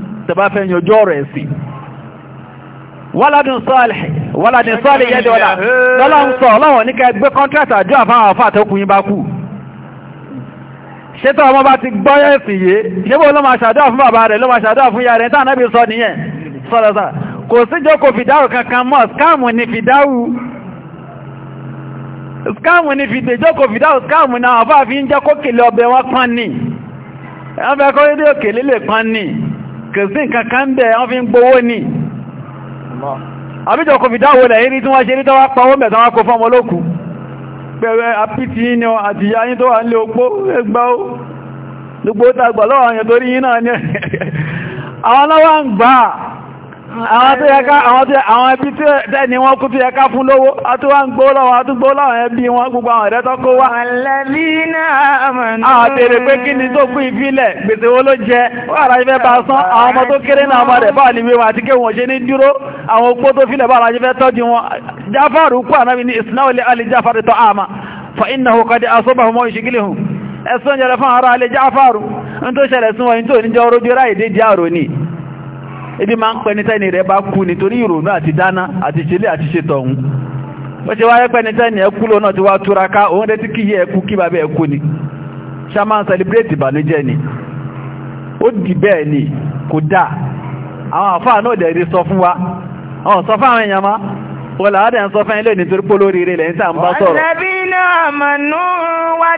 tẹ́bá fẹ́ yanjú ọ̀rọ̀ ẹ̀sìn wọ́ládùn sọ́ọ̀lẹ̀ wọ́ládùn sọ́ọ̀lẹ̀ yẹ́ dọ́là lọ́lá ń sọ ọlọ́wọ̀n ní kẹgbẹ́ kọ́ntrátà àjọ àfáwọn àfáà tó kùn yí bá kù ṣétọ́ ọmọ bá ti gbọ́ ẹ̀sìn yé ṣébò ló máa ṣàdọ́ fún bàbá rẹ̀ ló máa ṣàdọ́ fún ìyá rẹ̀ tán náàbí sọ nìyẹn sọ́lọ́sà kò síjọ́ kò fìdáwù kankan mọ́ skáàmù ni fìdáwù skáàmù ni fìdèjọ́ kò fìdáwù skáàmù ni àwọn àfáà fi ń jẹ́ kókèlè ọbẹ̀ wọn pán ní kẹsí kankan bẹ̀ wọ́n fi ń gbówó ní àbíjọ kò fi dáwò lẹ̀ rí tí wọ́n ṣe rí tọ́wà pàwọ́ mẹ́ta wọ́n kò olókù pẹ̀rẹ̀ àpítì àti tó wà àwọn tó yẹ ká àwọn ẹbí tí ẹni wọn kú tó yẹ ká fún lówó àti wọ́n ń gbó lọ́wọ́ àti gbó láwọn ẹbí wọn gbogbo àwọn ẹ̀rẹ́ tó kó wá àtèrè pé kí ni tó fún ìfilẹ̀ gbèsè wo ló jẹ wàrà ìfẹ́ bá sán àwọn ọmọ tó kéré náà ọmọ rẹ̀ bá ní wíwá àti kéwọn ṣe ní dúró àwọn opó tó filẹ̀ bá àwọn tọ́jú wọn jáfàrù kú ànábi ní ìsináwọlé alì jáfàrù tó àmà fa innahu qad asabahum mọ́ ìṣìgílẹ̀ hùn ẹ̀sùn jẹ́rẹ̀ fún ara alì jáfàrù ń tó ṣẹlẹ̀ sún wọn tó níjọ́ orójú ráìdé jáàrò ni ebi máa ń pẹ́ ní tẹ́ni rẹ̀ bá kú nítorí ìrònú àti dáná àti ṣẹlẹ̀ àti ṣètò ọ̀hún ó ṣe wáyé pẹ́ ní tẹ́ni ẹkú lónà tí wá túraká òun dé tí kì í ẹkú kí bàbá ẹkú ni ṣá celebrate ìbànújẹ́ ni ó dì bẹ́ẹ̀ ni kò dáa àwọn àfáà náà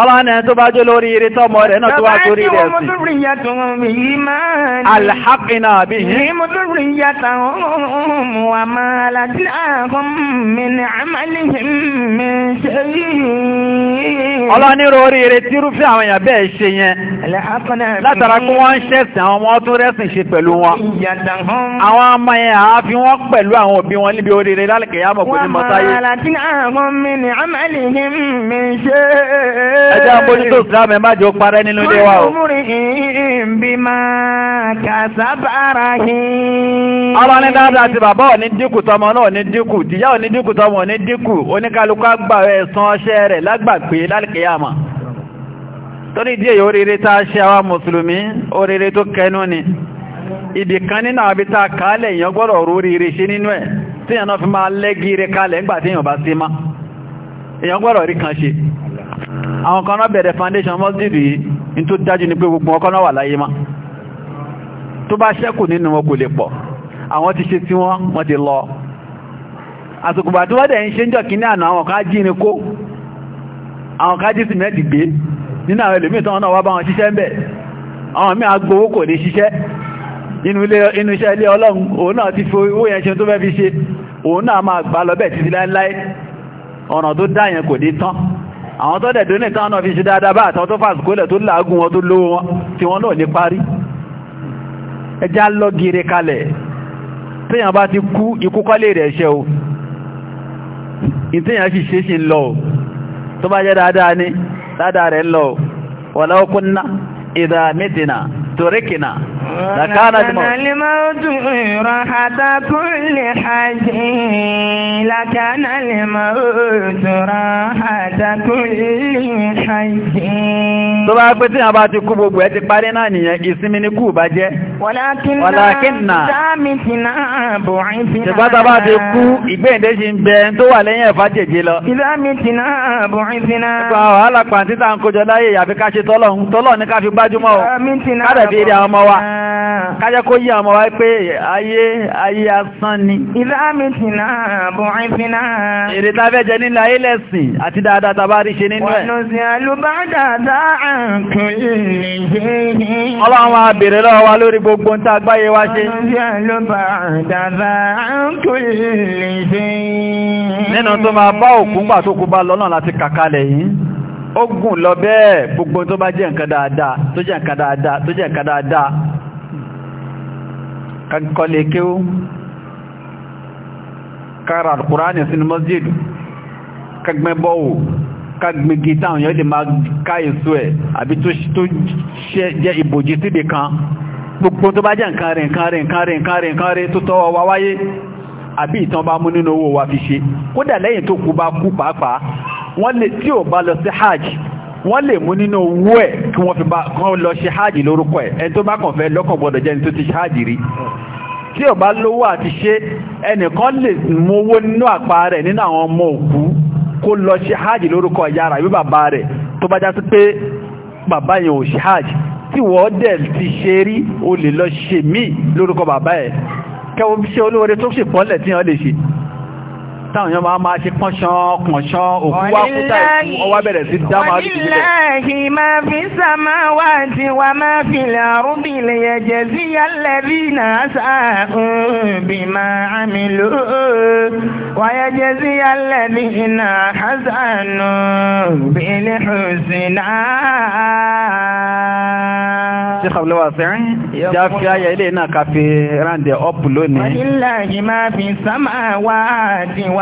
ọlọ́nà tó bá jó lórí eré tọ́mọ rẹ̀ náà tó wá torí rẹ̀ sí alhaqina orí eré tí rúfẹ́ àwọn èèyàn bẹ́ẹ̀ ṣe yẹn látara kí wọ́n ń ṣẹ̀sìn àwọn ọmọ tún rẹ́sìn ṣe pẹ̀lú wọn àwọn ọmọ yẹn àá fi wọ́n pẹ̀lú àwọn òbí wọn níbi oríire lálẹ́kẹ̀ẹ́ yàmọ̀ kò ní mọ́táyé wà ẹjọ́ àbójútó ìsìlámù ẹ má jẹ́ ó parẹ́ nínú ilé wa o. ọ̀rọ̀ ní dáadáa ti bàbá ò ní dínkù tọmọ náà ò ní dínkù tìyá ò ní dínkù tọmọ ò ní dínkù oníkálukú àgbà ẹ̀san ọṣẹ́ rẹ̀ lágbàgbé lálùkìyàmà torí díẹ̀ yóò rere tá a ṣe àwa mùsùlùmí ó rere tó kẹnu ni ìdì kan nínú àbí tá a kàálẹ̀ èèyàn gbọ́dọ̀ rú rere ṣe nínú ẹ̀ tí èèyàn náà fi máa lẹ́gí rẹ kalẹ̀ ńgbà tí èèyàn bá sí má èèyàn gbọ́dọ̀ rí kan ṣe Mm. àwọn kan náà bẹ̀rẹ̀ foundation mọ́sídìdì yìí ní tó dájú ní pé gbogbo ọkọ̀ náà wà láyé má tó bá ṣẹ́kù nínú wọn kò lè pọ̀ àwọn ti ṣe tí wọ́n wọ́n ti lọ àsìkògbà tí wọ́n dẹ̀ ń ṣe ń jọ kíní àná àwọn kan jí ní kó àwọn kan jí sìmẹ́ǹtì gbé nínú àwọn ẹlòmíì tán náà wá bá wọn ṣiṣẹ́ ń bẹ̀ àwọn míì agbowó kò ní ṣiṣẹ́ inú iṣẹ́ ilé ọlọ́run òun náà ti fi owó yẹn ṣe tó fẹ́ fi ṣe òun náà máa gbà lọ ọ̀nà tó dá kò ní tán àwọn tó dẹ̀ dóní tán náà fi ṣe dáadáa bá àtàwọn tó fàṣkólẹ̀ tó láàgùn wọn tó lówó wọn tí wọn náà ní parí ẹjá lọ gire kalẹ̀ tíyàn bá ti kú ikúkọ́lé rẹ̀ ṣe o ìtíyàn fi ṣe ṣe lọ tó bá jẹ́ dáadáa ní dáadáa rẹ̀ lọ wọ̀lọ́kúnná ìdá mẹ́tìnà مدركنا لكان الموت راحة كل حج لكان الموت راحة كل حج tó bá pẹ́ tí a bá ti kú gbogbo ẹ ti parí náà nìyẹn ìsinmi ní kú bá jẹ́ wàlákínà ṣẹ̀bátà bá ti kú ìgbéǹde ṣì ń bẹ tó wà lẹ́yìn ẹ̀fà jèjì lọ ẹgbà wàhálà pàǹtítà ń kójọ láyé àbíkáṣe tọ́lọ̀ ní ká fi gbájúmọ́ fi rí àwọn ọmọ wa kájẹ́ kó yí ọmọ wa pé ayé ayé asán ni ìdámìtìná bọ̀ ìfinà èrè tàbẹ́ jẹ ayé lẹ́sìn àti dáadáa tàbá rí ṣe nínú ẹ̀ ọlọ́run wa bèèrè lọ́wọ́ wa lórí gbogbo ń tá gbáyé ṣe nínú tó máa bá ó gùn lọ bẹ́ẹ̀ gbogbo tó bá jẹ́ nǹkan dáadáa tó jẹ́ nǹkan dáadáa tó jẹ́ nǹkan dáadáa kankọlé kéwú kára alkùránì sínú masjid kagbẹ́bọ́wò kagbẹ́gì táwọn yóò lè máa ká èso ẹ̀ àbí tó kan gbogbo tó bá jẹ́ nǹkan rẹ̀ nǹkan rẹ̀ nǹkan rẹ̀ nǹkan wa wáyé àbí ìtàn bá mú nínú owó wa fi ṣe kódà lẹ́yìn tó kú bá kú pàápàá wọ́n lè tí ò bá lọ sí hajj wọ́n lè mú nínú owó ẹ̀ kí wọ́n fi bá kán lọ ṣe hajj lórúkọ ẹ̀ ẹni tó bá kàn fẹ́ lọ́kàn gbọ́dọ̀ jẹ́ ẹni tó ti ṣe hajj rí tí ò bá lówó àti ṣe ẹnìkan lè mú owó nínú àpá rẹ̀ nínú àwọn ọmọ òkú kó lọ ṣe hajj lórúkọ ìyá rà bàbá rẹ̀ tó bá já sí pé bàbá yẹn ò ṣe hajj tí wọ́n dẹ̀ ti ṣe rí o lè lọ ṣe míì lórúkọ bàbá ẹ̀ kẹwọ́n ṣe olóore tó ṣèpọ́nlẹ̀ tí wọ́n lè ṣe táwọn èèyàn máa máa ṣe pọ́nṣán pọ̀nṣán òkú wá kúta ìfún ọwá bẹ̀rẹ̀ sí dámà rí ìbílẹ̀. wàlíláhi máa fi sàmà wá àti wà máa fi làrú bí lè yẹ̀jẹ̀ sí yálẹ̀bí náà sáàkùn bí máa àmì lò ó wà yẹ̀jẹ̀ sí yálẹ̀bí náà hásánù bí lè hùsìnà. ṣé kàbílẹ̀ wà sẹ́rin? jáfi ayẹ ilé náà kàfi rándẹ̀ ọ́pù lónìí. wàlíláhi máa fi sàmà wá àti wà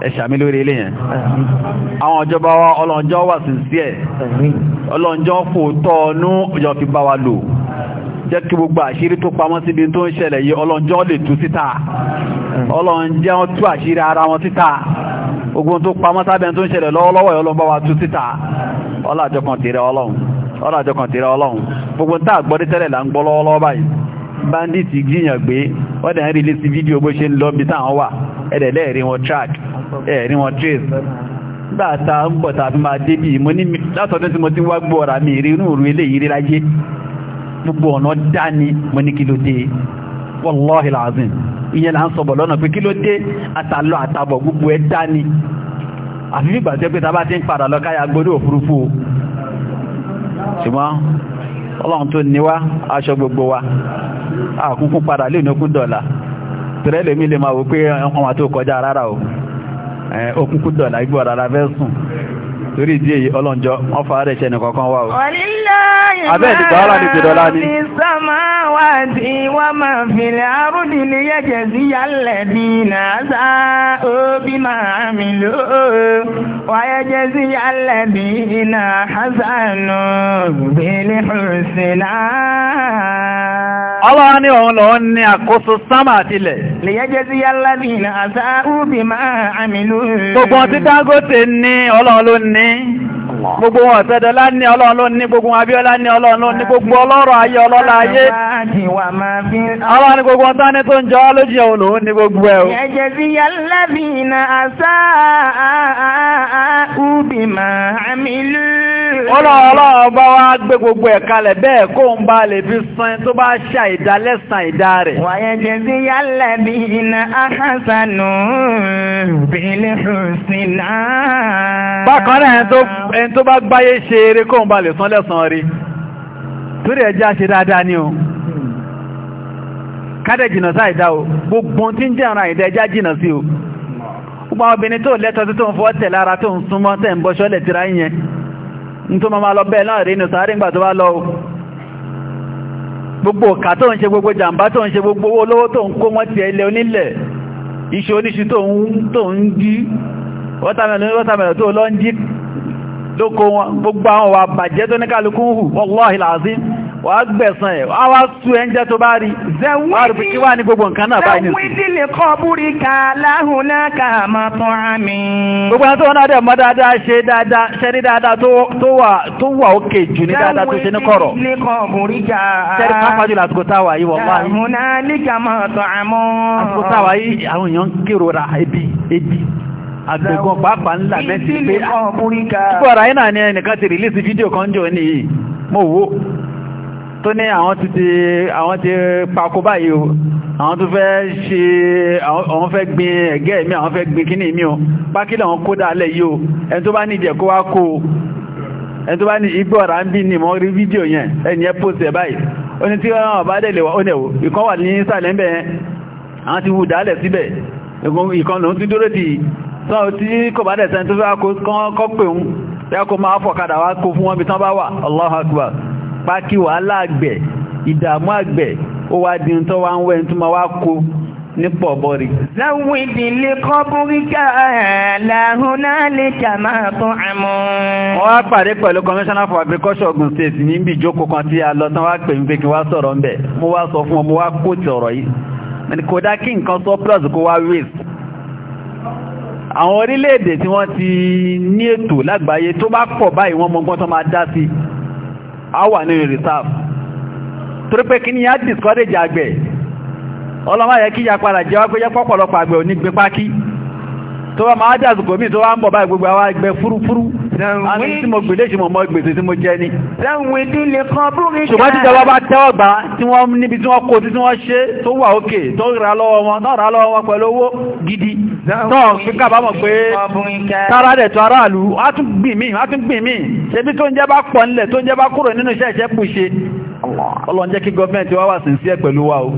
ẹ̀ṣàmí lórí ilé yẹn àwọn ọjọ́bá wa ọlọ́njọ́ wà sí sí ẹ̀ ọlọ́njọ́ fò tọ́ọ̀nú ìjọ fi bá wa lò jẹ́ kí gbogbo àṣírí tó pamọ́ síbi tó ń ṣẹlẹ̀ yìí ọlọ́njọ́ lè tú síta ọlọ́njẹ́ wọn tú àṣírí ara wọn síta ogun tó pamọ́ sábẹ́ tó ń ṣẹlẹ̀ lọ́wọ́lọ́wọ́ ọlọ́nbá wa tú síta ọlọ́àjọkàn tèrè ọlọ́run gbogbo tá àgbọ́dé tẹ́lẹ̀ là ń gbọ́ lọ́wọ́lọ́wọ́ bandit gíyàn gbé wọ́n dẹ̀ ń rí lé sí fídíò bó wọn track Eh, ẹ̀rí wọn trace gbáta ń bọ̀ tàbí máa débì mo ní látọ̀dún tí mo ti wá gbọ́ ọ̀rà mi rí inú òru eléyìí rí láyé gbogbo ọ̀nà dání mo ní kí ló dé wallahi na ìyẹn là ń sọ̀bọ̀ lọ́nà pé kí ló dé àtàlọ́ àtàbọ̀ gbogbo ẹ̀ dání àfi fìgbà tó pé tábà ti ń padà lọ káyà gbọ́dọ̀ òfurufú ṣùgbọ́n ọlọ́run tó aṣọ gbogbo wa àkúnkún padà òkúnkú dọ̀là igbó ara la fẹ́ sùn torí ìdí èyí ọlọ́njọ́ wọ́n fa rẹ̀ ṣẹ́ nìkankan wá o. abẹ́ẹ̀dì ni. òun lòun ní àkóso sámà àtilẹ̀. liyajziya alladhina asa'u bima amilu. gbogbo ọtí Dangote ní ọlọ́run ló ní gbogbo wọn ọ̀sẹ̀dẹ̀ láni ní gbogbo abíọ́lá ní ní gbogbo ọlọ́rọ̀ ayé ọlọ́lá ayé ọlọ́run ní gbogbo ọ̀tá ní tó ń jọ lójí òun ní gbogbo ẹ̀ bá wá gbé gbogbo ẹ̀ kalẹ̀ bẹ́ẹ̀ kó ń bá lè fi tó bá ṣà ìdá rẹ̀ sí yálẹ̀ bí iná bí náà bákan náà ẹni tó bá gbáyé ṣe eré kóhùn lè sán lẹ́sàn rí torí ẹjá ṣe dáadáa ní o kádẹ̀ jìnà sáìdá o gbogbo tí ń jẹ́ ara ìdá ẹjá o gbogbo àwọn obìnrin tó lẹ́tọ́ tó ń fọ́ tẹ̀ lára tó ń súnmọ́ ń tíra ní tó máa lọ bẹ́ẹ̀ náà rí inú sáré tó bá o gbogbo ọ̀kà tó ń ṣe gbogbo jàǹbá tó ń ṣe gbogbo olówó tó ń kó wọ́n ti ẹlẹ́ onílẹ̀ oníṣu tó ń wọ́tàmẹ̀lẹ̀ tó lọ ń jí lóko gbẹ̀sán ẹ̀ wà wá sú ẹjẹ́ tó bá rí wárùfìkí wà ní gbogbo nǹkan náà báyìí nìsí zẹ̀wídìlẹ̀ kọ́ ká láhùlá ká máa àmì gbogbo ẹni tó wọ́n dáadáa mọ́ dáadáa ṣe dáadáa ṣẹ́rí dáadáa tó wà òkè jù ní dáadáa àgbẹ̀gùn pàápàá ńlá mẹ́sí pé fọ́ra yìí náà ni ẹnìkan ti rìlísì fídíò kan jọ ní yìí mo wò tó ní àwọn ti ti àwọn ti pako báyìí o àwọn tó fẹ́ ṣe àwọn fẹ́ gbin ẹ̀gẹ́ mi àwọn fẹ́ gbin kíní mi o pákílẹ̀ àwọn kó dálẹ̀ yìí o ẹni tó bá ní ìdí ẹ̀kọ́ wá kó o ẹni tó bá ní igbó ọ̀rá ń bí ni mo rí fídíò yẹn ẹni ẹ post ẹ̀ báyìí ó ní tí wọ́n bá dẹ̀ ó nẹ̀wò ìkan wà ní sàlẹ̀ ń bẹ̀ àwọn ti wù dálẹ̀ síbẹ̀ ìkan lòún ti dúró ti sọ tí kò bá dẹ̀ sẹ́ni tó fẹ́ kọ́ pè ń ẹkọ máa fọ̀kadà wá kó fún wọn bí tán bá wà Allahu Akbar pákí wàhálà àgbẹ̀ ìdààmú àgbẹ̀ ó wá di tó wá ń wẹ́ tó máa wá kó nípò ọ̀bọ̀rì. láwọn ìdílé kọ́ búríkà làhùn kí nǹkan surplus kó wá waste àwọn orílẹ̀-èdè tí wọ́n ti ní ètò lágbàáyé tó bá pọ̀ báyìí wọ́n mọ́gbọ́n tó máa dá sí a wà nínú reserve torí pé kí ni a discourage àgbẹ̀ ọlọ́mọ yẹ kí ya padà jẹ́ wá pé jẹ́ pọ̀pọ̀lọpọ̀ àgbẹ̀ ò ní gbé pákí tó bá máa dàsùkò míì tó wá ń bọ̀ báyìí gbogbo àwọn àgbẹ̀ fúrufúru àmì tí mo gbèdé ṣe mọ̀ mọ́ gbèsè tí mo jẹ́ ní. ṣùgbọ́n tí ìjọba bá tẹ́wọ̀ gbà tí wọ́n níbi tí wọ́n kó tí wọ́n ṣe tó wà òkè tó rà lọ́wọ́ wọn náà rà lọ́wọ́ wọn pẹ̀lú owó gidi náà fi kábàámọ̀ pé tára rẹ̀ tó aráàlú á tún gbìn mí á tún gbìn mí ṣebí tó ń jẹ́ bá pọ̀ nílẹ̀ tó ń jẹ́ bá kúrò nínú iṣẹ́ ìṣẹ́ pùṣe ọlọ́run jẹ́ kí gọ́ọ̀mẹ́ntì wá wà sí sí ẹ̀ pẹ̀lú wa o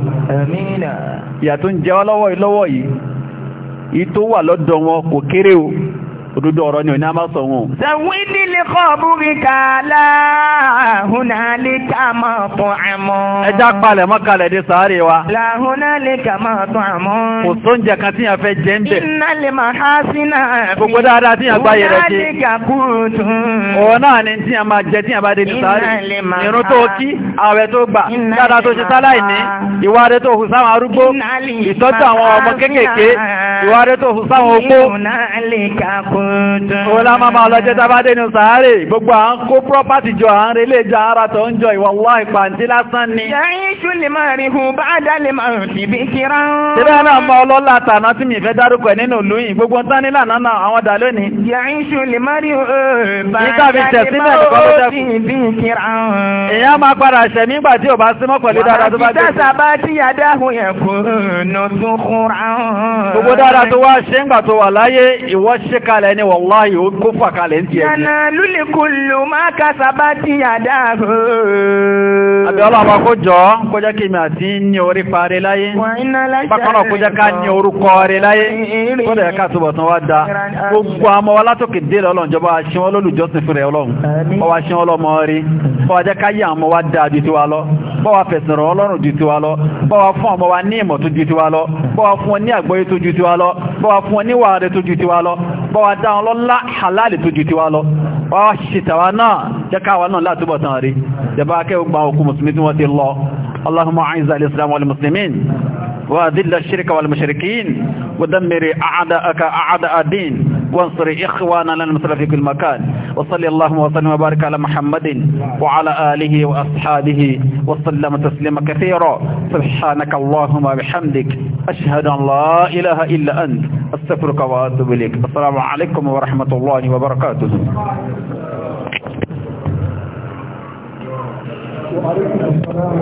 ìyà tó ń jẹ wá lọ́wọ́ yìí lọ́wọ́ yìí tó wà lọ́dọ̀ wọn kò kéré o òdodo ọ̀rọ̀ ni òní a máa sọ wọn. kọ́ búrí kàlá hùnà lè ká máa tún àmọ́. ẹja palẹ̀ mọ́ kalẹ̀ dé sàárè wa. làhùnà lè ká máa tún àmọ́. kò sóúnjẹ kan tí yàn fẹ́ jẹ ń bẹ̀. iná lè máa há sínú àfi. gbogbo dáadáa tí yàn gbá yẹ rẹ ṣe. lè ká kúrò tún. òun náà ni tí yàn máa jẹ tí yàn bá dé sàárè. irun tó kí ààwẹ̀ tó gbà dáadáa tó ṣe sáláìní tó hù sáwọn arúgbó ìtọ́jú àwọn ọmọ kéékèèké ìwà tó òun la máa máa lọ́jẹ́ tábádé ní sàárè gbogbo à ń kó property jọ à ń re ilé ìjà ara tó ń jọ ìwọ̀wọ́ ìpàǹtí lásán ni. yẹ́yìn ṣú lè máa rí hun bá dálé máa rùn sí bí kíra. síbẹ̀ náà mọ ọlọ́lá tàná tí mi fẹ́ dárúkọ nínú ìlú yìí gbogbo tán ní lànà náà àwọn dà lónìí. yẹ́yìn ṣú lè máa rí hun bá dálé máa rùn sí bí kíra. èèyàn máa padà ṣẹ̀ nígbà tí ò bá símọ́ pẹ̀lú dáadáa tó bá dé. gbogbo dáadáa tó wá ṣe ń gbà tó wà láyé ìwọ ṣe kalẹ̀ ẹni wọ̀láhì ó kó fàkalẹ̀ ń ti ẹni. yànnà lúlẹ̀ kò lò máa ka sábà ti yàdá. àbí ọlọ́wà kó jọ kó jẹ́ kí mi àti ní orí parí láyé. bákan náà kó jẹ́ ká ní orúkọ rẹ̀ láyé. kó lè ká túbọ̀ tán wá da. gbogbo àmọ́ wa látòkè dé lọ́lọ́run jọba aṣẹ́ wọn lólùjọ́sìn fún rẹ̀ ọlọ́run. ọwọ́ aṣẹ́ wọn lọ́mọ rí. bọ́wọ́ jẹ́ ká yí àmọ́ wa dáa ju tiwa lọ. bọ́wọ́ fẹ̀sìn rọ̀ ọlọ́run ju tiwa wa lọ. bọ́wọ́ fún ọ ní ní dá wọn lọ́lá halali tó ju ti wá lọ wá ṣìtàwà náà jẹ́káwà náà látúbọ̀ tán rí jẹba kẹgbà òkú musulmi tí wọ́n ti lọ allahumma aiza al-islam wal muslimin wa dhilla shirka wal mushrikin wa dammiri a'da'aka a'da'a din وانصر إخواننا المسلمين في كل مكان وصلى اللهم وسلم وبارك على محمد وعلى آله وأصحابه وسلم تسليما كثيرا سبحانك اللهم وبحمدك أشهد أن لا إله إلا أنت أستغفرك وأتوب إليك السلام عليكم عليكم ورحمة الله وبركاته وعليكم السلام